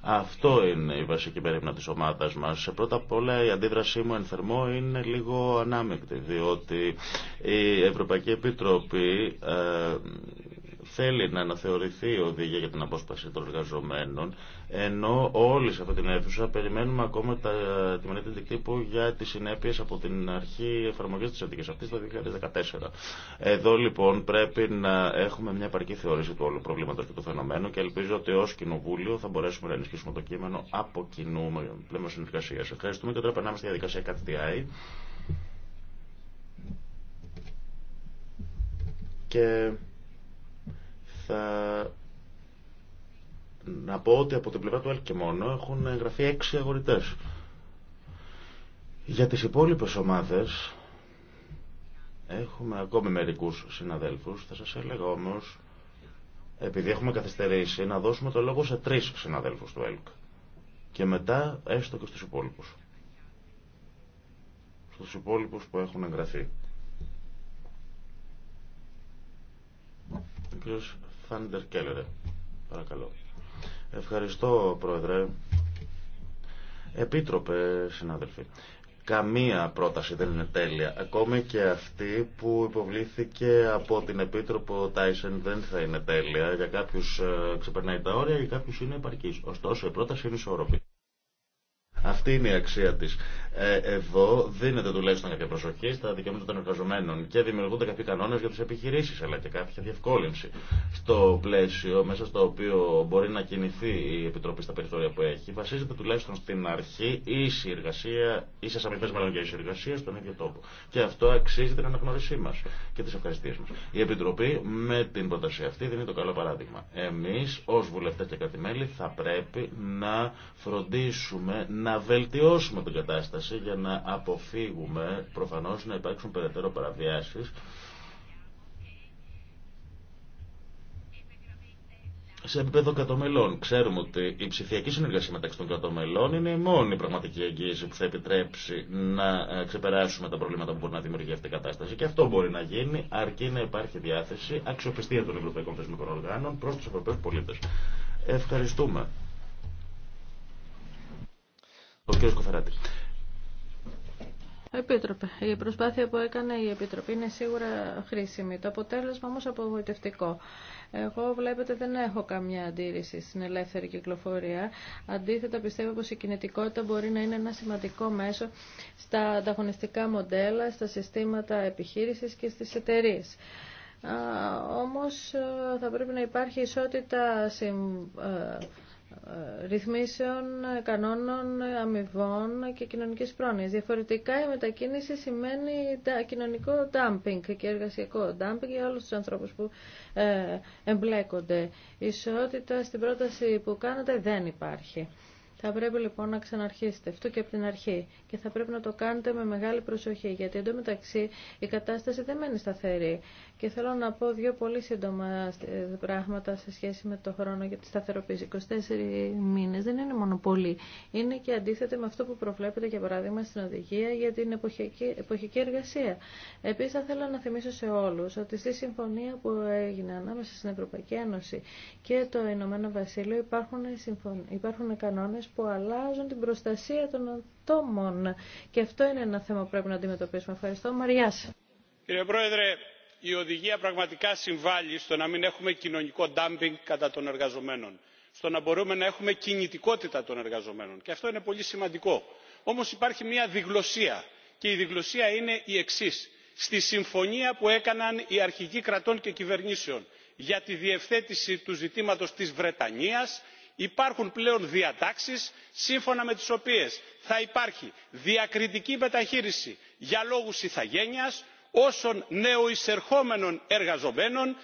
Αυτό είναι η βασική τη της ομάδας μας. Πρώτα απ' όλα η αντίδρασή μου εν θερμό είναι λίγο ανάμεκτη, διότι η Ευρωπαϊκή Επιτροπή ε, θέλει να αναθεωρηθεί η οδηγία για την απόσπαση των εργαζομένων, ενώ όλοι σε αυτή την αίθουσα περιμένουμε ακόμα τα, τη μελέτη τύπου για τι συνέπειε από την αρχή εφαρμογή τη οδηγία αυτή το 2014. Εδώ λοιπόν πρέπει να έχουμε μια επαρκή θεώρηση του όλου προβλήματο και του φαινομένου και ελπίζω ότι ω Κοινοβούλιο θα μπορέσουμε να ενισχύσουμε το κείμενο από κοινού με πλέον συνεργασία. Ευχαριστούμε και τώρα περνάμε στη διαδικασία Και θα να πω ότι από την πλευρά του ΕΛ και μόνο έχουν εγγραφεί έξι αγορητές. Για τις υπόλοιπες ομάδες έχουμε ακόμη μερικούς συναδέλφους. Θα σας έλεγα όμως, επειδή έχουμε καθυστερήσει, να δώσουμε το λόγο σε τρεις συναδέλφους του ΕΛΚ. Και μετά έστω και στους υπόλοιπους. Στους υπόλοιπους που έχουν εγγραφεί. Φάντερ Κέλλερε. Παρακαλώ. Ευχαριστώ, Πρόεδρε. Επίτροπε, συνάδελφοι. Καμία πρόταση δεν είναι τέλεια. Ακόμη και αυτή που υποβλήθηκε από την Επίτροπο Τάισεν δεν θα είναι τέλεια. Για κάποιους ε, ξεπερνάει τα όρια, για κάποιους είναι επαρκής. Ωστόσο, η πρόταση είναι ισόρροπη. Αυτή είναι η αξία της. Ε, εδώ δίνεται τουλάχιστον κάποια προσοχή στα δικαιώματα των εργαζομένων και δημιουργούνται κάποιοι κανόνε για τι επιχειρήσει αλλά και κάποια διευκόλυνση στο πλαίσιο μέσα στο οποίο μπορεί να κινηθεί η Επιτροπή στα περιθώρια που έχει. Βασίζεται τουλάχιστον στην αρχή ίση εργασία, ίσε αμοιβέ μάλλον για ίση εργασία στον ίδιο τόπο. Και αυτό αξίζει την αναγνώρισή μα και τι ευχαριστίε μα. Η Επιτροπή με την πρόταση αυτή δίνει το καλό παράδειγμα. Εμεί ω βουλευτέ και θα πρέπει να φροντίσουμε να να βελτιώσουμε την κατάσταση για να αποφύγουμε προφανώς να υπάρξουν περαιτέρω παραβιάσεις σε επίπεδο κατομελών. Ξέρουμε ότι η ψηφιακή συνεργασία μεταξύ των κατομελών είναι η μόνη πραγματική εγγύηση που θα επιτρέψει να ε, ξεπεράσουμε τα προβλήματα που μπορεί να δημιουργεί αυτή η κατάσταση. Και αυτό μπορεί να γίνει αρκεί να υπάρχει διάθεση, αξιοπιστία των ευρωπαϊκών θεσμικών οργάνων προ του ευρωπαίου πολίτε. Ευχαριστούμε. Ο κ. Επίτροπε, η προσπάθεια που έκανε η Επιτροπή είναι σίγουρα χρήσιμη. Το αποτέλεσμα όμως απογοητευτικό. Εγώ βλέπετε δεν έχω καμιά αντίρρηση στην ελεύθερη κυκλοφορία. Αντίθετα πιστεύω πως η κινητικότητα μπορεί να είναι ένα σημαντικό μέσο στα ανταγωνιστικά μοντέλα, στα συστήματα επιχείρησης και στις εταιρείε. Όμως ε, θα πρέπει να υπάρχει ισότητα ε, ε, ρυθμίσεων, κανόνων, αμοιβών και κοινωνικής πρόνοιας. Διαφορετικά η μετακίνηση σημαίνει κοινωνικό dumping και εργασιακό dumping για όλους τους ανθρώπους που ε, εμπλέκονται. Η ισότητα στην πρόταση που κάνατε δεν υπάρχει. Θα πρέπει λοιπόν να ξαναρχίσετε αυτό και από την αρχή. Και θα πρέπει να το κάνετε με μεγάλη προσοχή, γιατί εντωμεταξύ η κατάσταση δεν μένει σταθερή. Και θέλω να πω δύο πολύ σύντομα πράγματα σε σχέση με το χρόνο για τη σταθεροποίηση. 24 μήνε δεν είναι μόνο πολύ. Είναι και αντίθετα με αυτό που προβλέπετε, για παράδειγμα, στην οδηγία για την εποχική, εποχική εργασία. Επίση, θα ήθελα να θυμίσω σε όλου ότι στη συμφωνία που έγινε ανάμεσα στην Ευρωπαϊκή Ένωση και το Ηνωμένο Βασίλειο υπάρχουν, υπάρχουν κανόνε που αλλάζουν την προστασία των ατόμων. Και αυτό είναι ένα θέμα που πρέπει να αντιμετωπίσουμε. Ευχαριστώ. Μαριάς. Κύριε Πρόεδρε, η οδηγία πραγματικά συμβάλλει στο να μην έχουμε κοινωνικό ντάμπινγκ κατά των εργαζομένων, στο να μπορούμε να έχουμε κινητικότητα των εργαζομένων. Και αυτό είναι πολύ σημαντικό. Όμω υπάρχει μια διγλωσία και η διγλωσία είναι η εξή. Στη συμφωνία που έκαναν οι αρχηγοί κρατών και κυβερνήσεων για τη διευθέτηση του ζητήματος της Βρετανίας υπάρχουν πλέον διατάξεις σύμφωνα με τις οποίες θα υπάρχει διακριτική μεταχείριση για λόγους ηθαγένειας όσων νεοεισερχόμενων εργαζομένων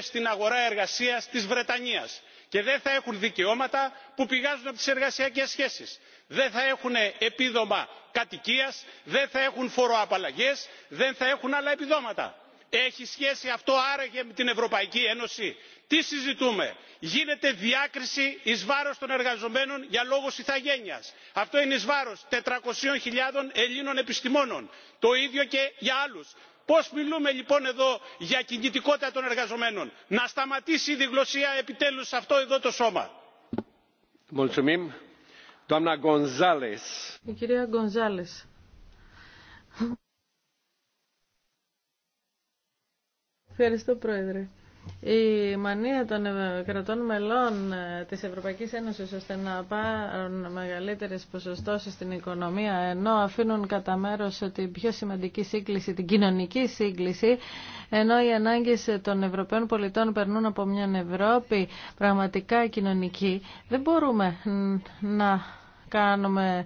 στην αγορά εργασίας της βρετανίας και δεν θα έχουν δικαιώματα που πηγάζουν από τις εργασιακές σχέσεις δεν θα έχουν επίδομα κατοικίας δεν θα έχουν φοροαπαλλαγές δεν θα έχουν άλλα επιδόματα. έχει σχέση αυτό άραγε με την ευρωπαϊκή ένωση; τι συζητούμε. γίνεται διάκριση εις βάρος των εργαζομένων για λόγους ηθαγένειας. αυτό είναι εις βάρος 400.000 ελλήνων επιστημόνων. το ίδιο και για άλλους. Πώς μιλούμε λοιπόν εδώ για κινητικότητα των εργαζομένων. Να σταματήσει η διγλωσία επιτέλους σε αυτό εδώ το σώμα. Ευχαριστώ Πρόεδρε. Η μανία των ε, κρατών μελών ε, της Ευρωπαϊκής Ένωσης ώστε να πάρουν μεγαλύτερες ποσοστώσεις στην οικονομία ενώ αφήνουν κατά μέρο την πιο σημαντική σύγκληση, την κοινωνική σύγκληση ενώ οι ανάγκες των Ευρωπαίων πολιτών περνούν από μια Ευρώπη πραγματικά κοινωνική δεν μπορούμε να κάνουμε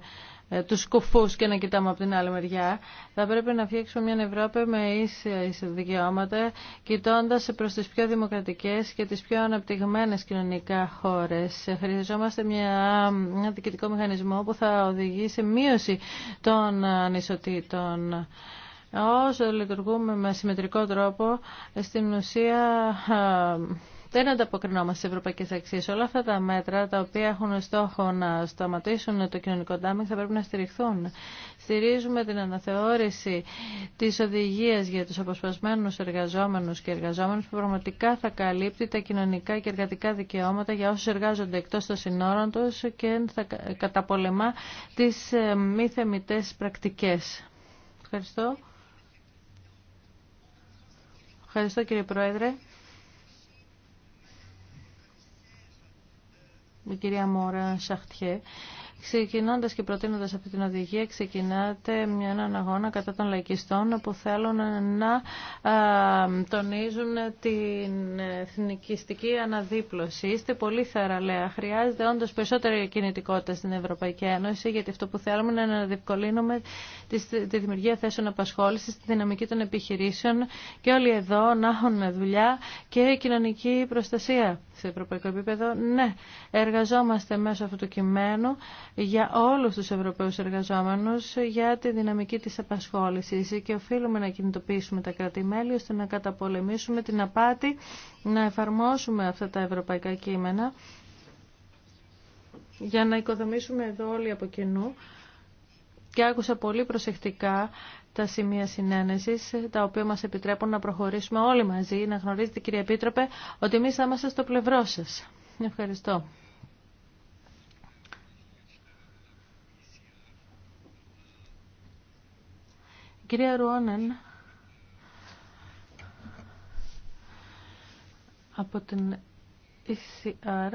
ε, τους σκοφούς και να κοιτάμε από την άλλη μεριά. Θα πρέπει να φτιάξουμε μια Ευρώπη με ίσια δικαιώματα, κοιτώντας προς τις πιο δημοκρατικές και τις πιο αναπτυγμένες κοινωνικά χώρες. Χρειαζόμαστε μια, ένα διοικητικό μηχανισμό που θα οδηγεί σε μείωση των ανισοτήτων. Όσο λειτουργούμε με συμμετρικό τρόπο, στην ουσία δεν ανταποκρινόμαστε στι ευρωπαϊκέ αξίε. Όλα αυτά τα μέτρα τα οποία έχουν στόχο να σταματήσουν το κοινωνικό ντάμινγκ θα πρέπει να στηριχθούν. Στηρίζουμε την αναθεώρηση τη οδηγία για του αποσπασμένου εργαζόμενου και εργαζόμενου που πραγματικά θα καλύπτει τα κοινωνικά και εργατικά δικαιώματα για όσου εργάζονται εκτό των συνόρων του και θα καταπολεμά τι ε, μη θεμητέ πρακτικέ. Ευχαριστώ. Ευχαριστώ κύριε Πρόεδρε. η κυρία Μόρα Σαχτιέ Ξεκινώντας και προτείνοντας αυτή την οδηγία, ξεκινάτε μια έναν αγώνα κατά των λαϊκιστών που θέλουν να τονίζουν την εθνικιστική αναδίπλωση. Είστε πολύ θεραλέα. Χρειάζεται όντως περισσότερη κινητικότητα στην Ευρωπαϊκή Ένωση, γιατί αυτό που θέλουμε είναι να διευκολύνουμε τη δημιουργία θέσεων απασχόλησης, τη δυναμική των επιχειρήσεων και όλοι εδώ να έχουν δουλειά και κοινωνική προστασία σε ευρωπαϊκό επίπεδο. Ναι, εργαζόμαστε μέσω αυτού του κειμένου για όλους τους Ευρωπαίους εργαζόμενους για τη δυναμική της απασχόλησης και οφείλουμε να κινητοποιήσουμε τα κράτη-μέλη ώστε να καταπολεμήσουμε την απάτη, να εφαρμόσουμε αυτά τα ευρωπαϊκά κείμενα για να οικοδομήσουμε εδώ όλοι από κοινού και άκουσα πολύ προσεκτικά τα σημεία συνένεση τα οποία μας επιτρέπουν να προχωρήσουμε όλοι μαζί, να γνωρίζετε κύριε Επίτροπε ότι εμεί θα είμαστε στο πλευρό σα. Ευχαριστώ. Κυρία Ρουόνεν, από την ECR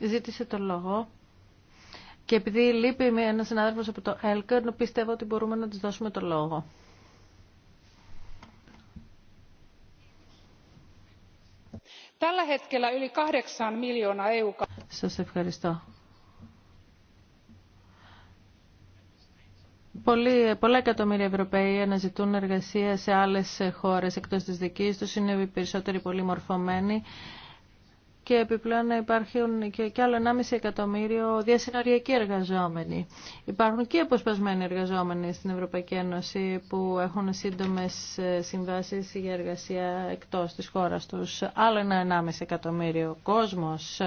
ζήτησε το λόγο και επειδή λείπει ένα συνάδελφο από το ΕΛΚΑΡ, πιστεύω ότι μπορούμε να τη δώσουμε το λόγο. E Σας ευχαριστώ. πολλά εκατομμύρια Ευρωπαίοι αναζητούν εργασία σε άλλες χώρες εκτός της δικής τους, είναι οι περισσότεροι πολύ μορφωμένοι και επιπλέον υπάρχουν και, άλλο 1,5 εκατομμύριο διασυνοριακοί εργαζόμενοι. Υπάρχουν και αποσπασμένοι εργαζόμενοι στην Ευρωπαϊκή Ένωση που έχουν σύντομες ε, συμβάσει για εργασία εκτός της χώρας τους. Άλλο ένα 1,5 εκατομμύριο κόσμος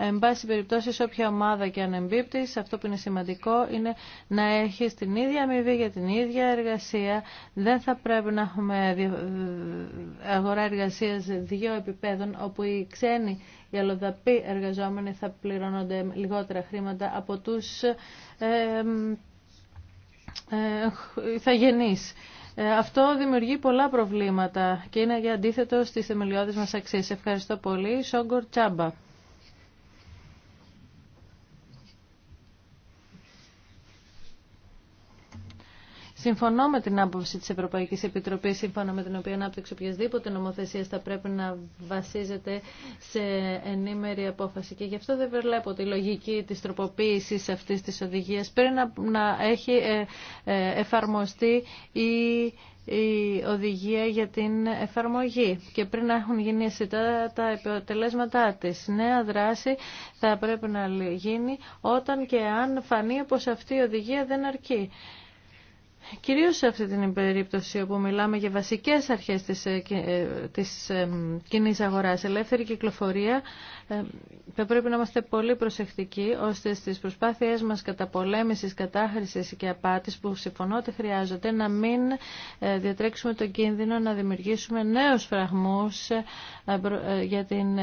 Εν πάση περιπτώσει, όποια ομάδα και αν εμπίπτει, αυτό που είναι σημαντικό είναι να έχει την ίδια αμοιβή για την ίδια εργασία. Δεν θα πρέπει να έχουμε αγορά εργασία δύο επιπέδων, όπου οι ξένοι, οι αλλοδαποί εργαζόμενοι θα πληρώνονται λιγότερα χρήματα από του ε, ηθαγενείς. Ε, αυτό δημιουργεί πολλά προβλήματα και είναι για αντίθετο στις θεμελιώδεις μας αξίες. Ευχαριστώ πολύ. Σόγκορ Τσάμπα. Συμφωνώ με την άποψη της Ευρωπαϊκής Επιτροπής, σύμφωνα με την οποία ανάπτυξη οποιασδήποτε νομοθεσία θα πρέπει να βασίζεται σε ενήμερη απόφαση. Και γι' αυτό δεν βλέπω τη λογική της τροποποίησης αυτής της οδηγίας πριν να, έχει ε, ε, εφαρμοστεί η η οδηγία για την εφαρμογή και πριν να έχουν γίνει αισθητά τα επιτελέσματά της. Νέα δράση θα πρέπει να γίνει όταν και αν φανεί πως αυτή η οδηγία δεν αρκεί. Κυρίως σε αυτή την περίπτωση όπου μιλάμε για βασικές αρχές της, ε, ε, της ε, κοινή αγοράς, ελεύθερη κυκλοφορία, θα πρέπει να είμαστε πολύ προσεκτικοί ώστε στις προσπάθειές μας καταπολέμησης, κατάχρησης και απάτης που συμφωνώ ότι χρειάζονται να μην διατρέξουμε τον κίνδυνο να δημιουργήσουμε νέους φραγμούς για την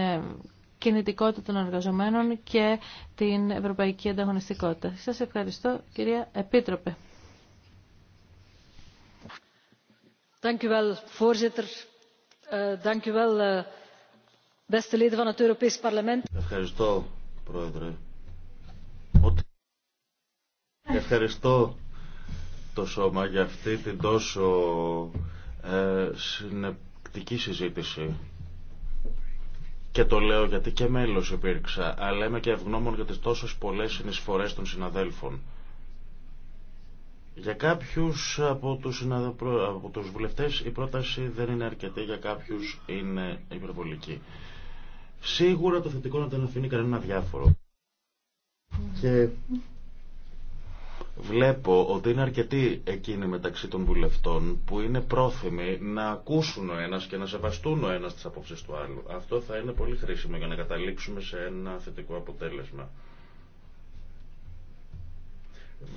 κινητικότητα των εργαζομένων και την ευρωπαϊκή ανταγωνιστικότητα. Σας ευχαριστώ κυρία Επίτροπε. ευχαριστώ πρόεδρε ευχαριστώ το σώμα για αυτή την τόσο ε, συνεπτική συζήτηση και το λέω γιατί και μέλος υπήρξα αλλά είμαι και ευγνώμων για τις τόσες πολλές συνεισφορές των συναδέλφων για κάποιους από τους, βουλευτές η πρόταση δεν είναι αρκετή, για κάποιους είναι υπερβολική. Σίγουρα το θετικό να δεν αφήνει κανένα διάφορο. Και βλέπω ότι είναι αρκετοί εκείνοι μεταξύ των βουλευτών που είναι πρόθυμοι να ακούσουν ο ένας και να σεβαστούν ο ένας τις απόψεις του άλλου. Αυτό θα είναι πολύ χρήσιμο για να καταλήξουμε σε ένα θετικό αποτέλεσμα.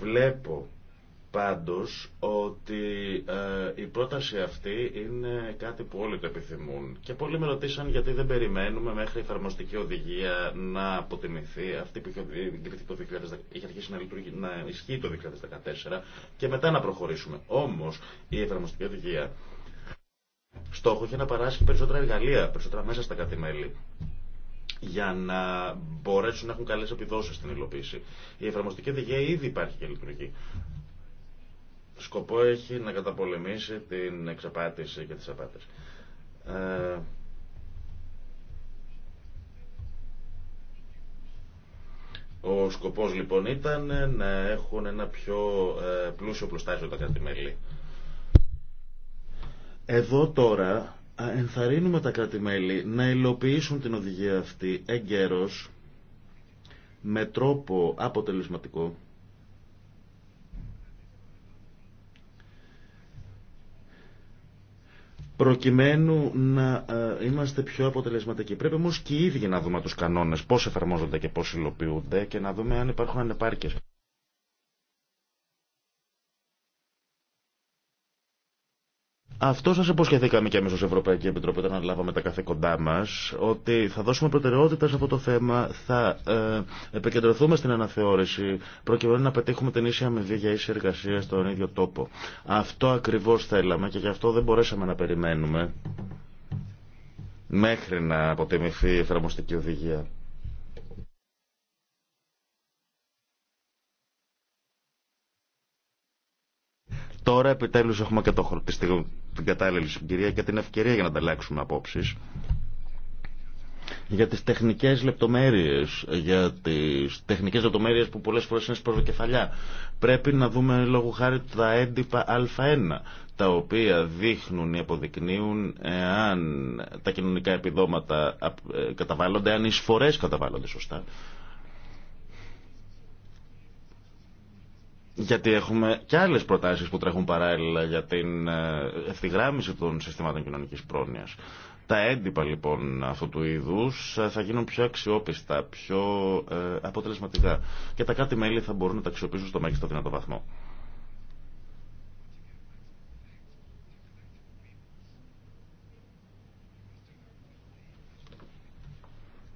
Βλέπω πάντως ότι ε, η πρόταση αυτή είναι κάτι που όλοι το επιθυμούν. Και πολλοί με ρωτήσαν γιατί δεν περιμένουμε μέχρι η εφαρμοστική οδηγία να αποτιμηθεί. Αυτή που είχε, το είχε αρχίσει να, λειτουργεί, να ισχύει το 2014 και μετά να προχωρήσουμε. Όμως η εφαρμοστική οδηγία στόχο είχε να παράσχει περισσότερα εργαλεία, περισσότερα μέσα στα κατημέλη για να μπορέσουν να έχουν καλές επιδόσεις στην υλοποίηση. Η εφαρμοστική οδηγία ήδη υπάρχει και λειτουργεί σκοπό έχει να καταπολεμήσει την εξαπάτηση και τις απάτες. Ε, ο σκοπός λοιπόν ήταν να έχουν ένα πιο ε, πλούσιο πλουστάζιο τα κρατη Εδώ τώρα ενθαρρύνουμε τα κρατη να υλοποιήσουν την οδηγία αυτή εγκαίρως με τρόπο αποτελεσματικό προκειμένου να ε, είμαστε πιο αποτελεσματικοί. Πρέπει όμω και οι ίδιοι να δούμε του κανόνε, πώ εφαρμόζονται και πώς υλοποιούνται και να δούμε αν υπάρχουν ανεπάρκειε. Αυτό σα υποσχεθήκαμε και εμεί ω Ευρωπαϊκή Επιτροπή όταν αναλάβαμε τα καθήκοντά μα, ότι θα δώσουμε προτεραιότητα σε αυτό το θέμα, θα ε, επικεντρωθούμε στην αναθεώρηση, προκειμένου να πετύχουμε την ίση αμοιβή για ίση εργασία στον ίδιο τόπο. Αυτό ακριβώ θέλαμε και γι' αυτό δεν μπορέσαμε να περιμένουμε μέχρι να αποτιμηθεί η εφαρμοστική οδηγία. Τώρα επιτέλου έχουμε και το, την κατάλληλη συγκυρία και την ευκαιρία για να ανταλλάξουμε απόψει για τι τεχνικέ λεπτομέρειε, για τι τεχνικέ λεπτομέρειε που πολλέ φορέ είναι κεφαλιά, Πρέπει να δούμε λόγω χάρη τα έντυπα Α1, τα οποία δείχνουν ή αποδεικνύουν εάν τα κοινωνικά επιδόματα ε, καταβάλλονται, αν οι σφορέ καταβάλλονται σωστά. Γιατί έχουμε και άλλες προτάσεις που τρέχουν παράλληλα για την ε, ευθυγράμμιση των συστημάτων κοινωνικής πρόνοιας. Τα έντυπα λοιπόν αυτού του είδους ε, θα γίνουν πιο αξιόπιστα, πιο ε, αποτελεσματικά και τα κάτι μέλη θα μπορούν να τα αξιοποιήσουν στο μέγιστο δυνατό βαθμό.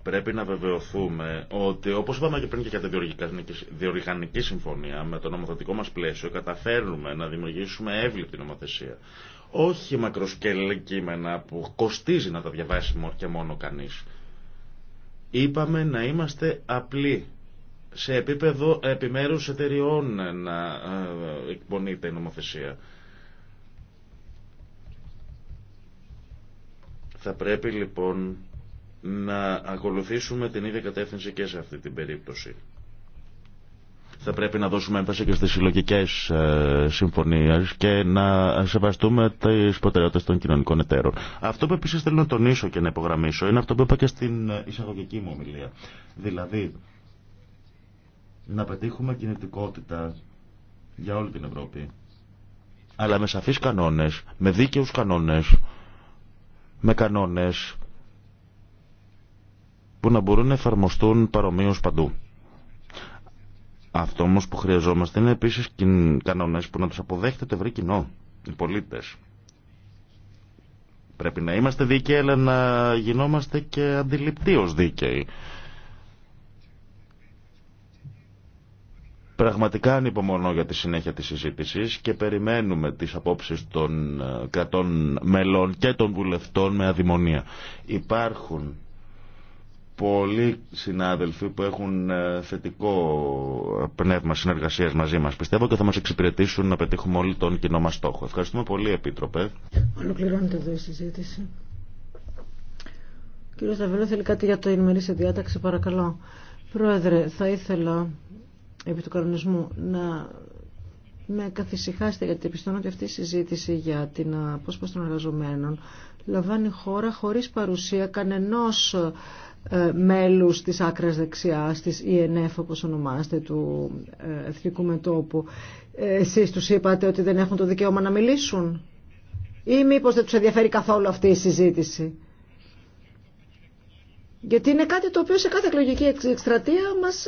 Πρέπει να βεβαιωθούμε ότι, όπως είπαμε και πριν και για τη διοργανική συμφωνία, με το νομοθετικό μας πλαίσιο καταφέρνουμε να δημιουργήσουμε εύληπτη νομοθεσία. Όχι μακροσκελή κείμενα που κοστίζει να τα διαβάσει και μόνο κανείς. Είπαμε να είμαστε απλοί σε επίπεδο επιμέρους εταιριών να ε, εκπονείται η νομοθεσία. Θα πρέπει λοιπόν να ακολουθήσουμε την ίδια κατεύθυνση και σε αυτή την περίπτωση. Θα πρέπει να δώσουμε έμφαση και στις συλλογικές ε, συμφωνίες και να σεβαστούμε τις προτεραιότητες των κοινωνικών εταίρων. Αυτό που επίσης θέλω να τονίσω και να υπογραμμίσω είναι αυτό που είπα και στην ε, εισαγωγική μου ομιλία. Δηλαδή, να πετύχουμε κινητικότητα για όλη την Ευρώπη. Αλλά με σαφείς κανόνες, με δίκαιους κανόνες, με κανόνες που να μπορούν να εφαρμοστούν παρομοίως παντού. Αυτό όμως που χρειαζόμαστε είναι επίσης κανόνες που να τους αποδέχεται το ευρύ κοινό, οι πολίτες. Πρέπει να είμαστε δίκαιοι, αλλά να γινόμαστε και αντιληπτοί ως δίκαιοι. Πραγματικά ανυπομονώ για τη συνέχεια της συζήτησης και περιμένουμε τις απόψεις των ε, κρατών μελών και των βουλευτών με αδημονία. Υπάρχουν πολλοί συνάδελφοι που έχουν ε, θετικό ε, πνεύμα συνεργασίας μαζί μας. Πιστεύω και θα μας εξυπηρετήσουν να πετύχουμε όλοι τον κοινό μα στόχο. Ευχαριστούμε πολύ, Επίτροπε. Ολοκληρώνεται εδώ η συζήτηση. Κύριε Σταβελό, θέλει κάτι για το ημερήσια διάταξη, παρακαλώ. Πρόεδρε, θα ήθελα επί του κανονισμού να με καθησυχάσετε γιατί πιστώνω ότι αυτή η συζήτηση για την απόσπαση των εργαζομένων λαμβάνει χώρα χωρίς παρουσία κανενός ε, μέλους της άκρας δεξιάς, της ΕΝΕΦ e όπως ονομάζεται, του ε, Εθνικού Μετώπου. Ε, εσείς τους είπατε ότι δεν έχουν το δικαίωμα να μιλήσουν ή μήπως δεν τους ενδιαφέρει καθόλου αυτή η συζήτηση. Γιατί είναι κάτι το οποίο σε κάθε εκλογική εκστρατεία μας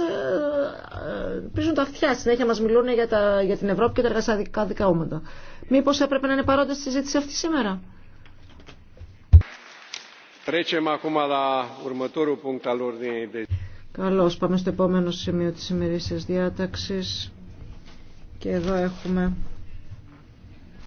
πίζουν τα αυτιά. Συνέχεια μας μιλούν για, τα, για την Ευρώπη και τα εργασιακά δικαιώματα. Μήπως έπρεπε να είναι παρόντες στη συζήτηση αυτή σήμερα. Καλώς πάμε στο επόμενο σημείο της ημερήσιας διάταξης και εδώ έχουμε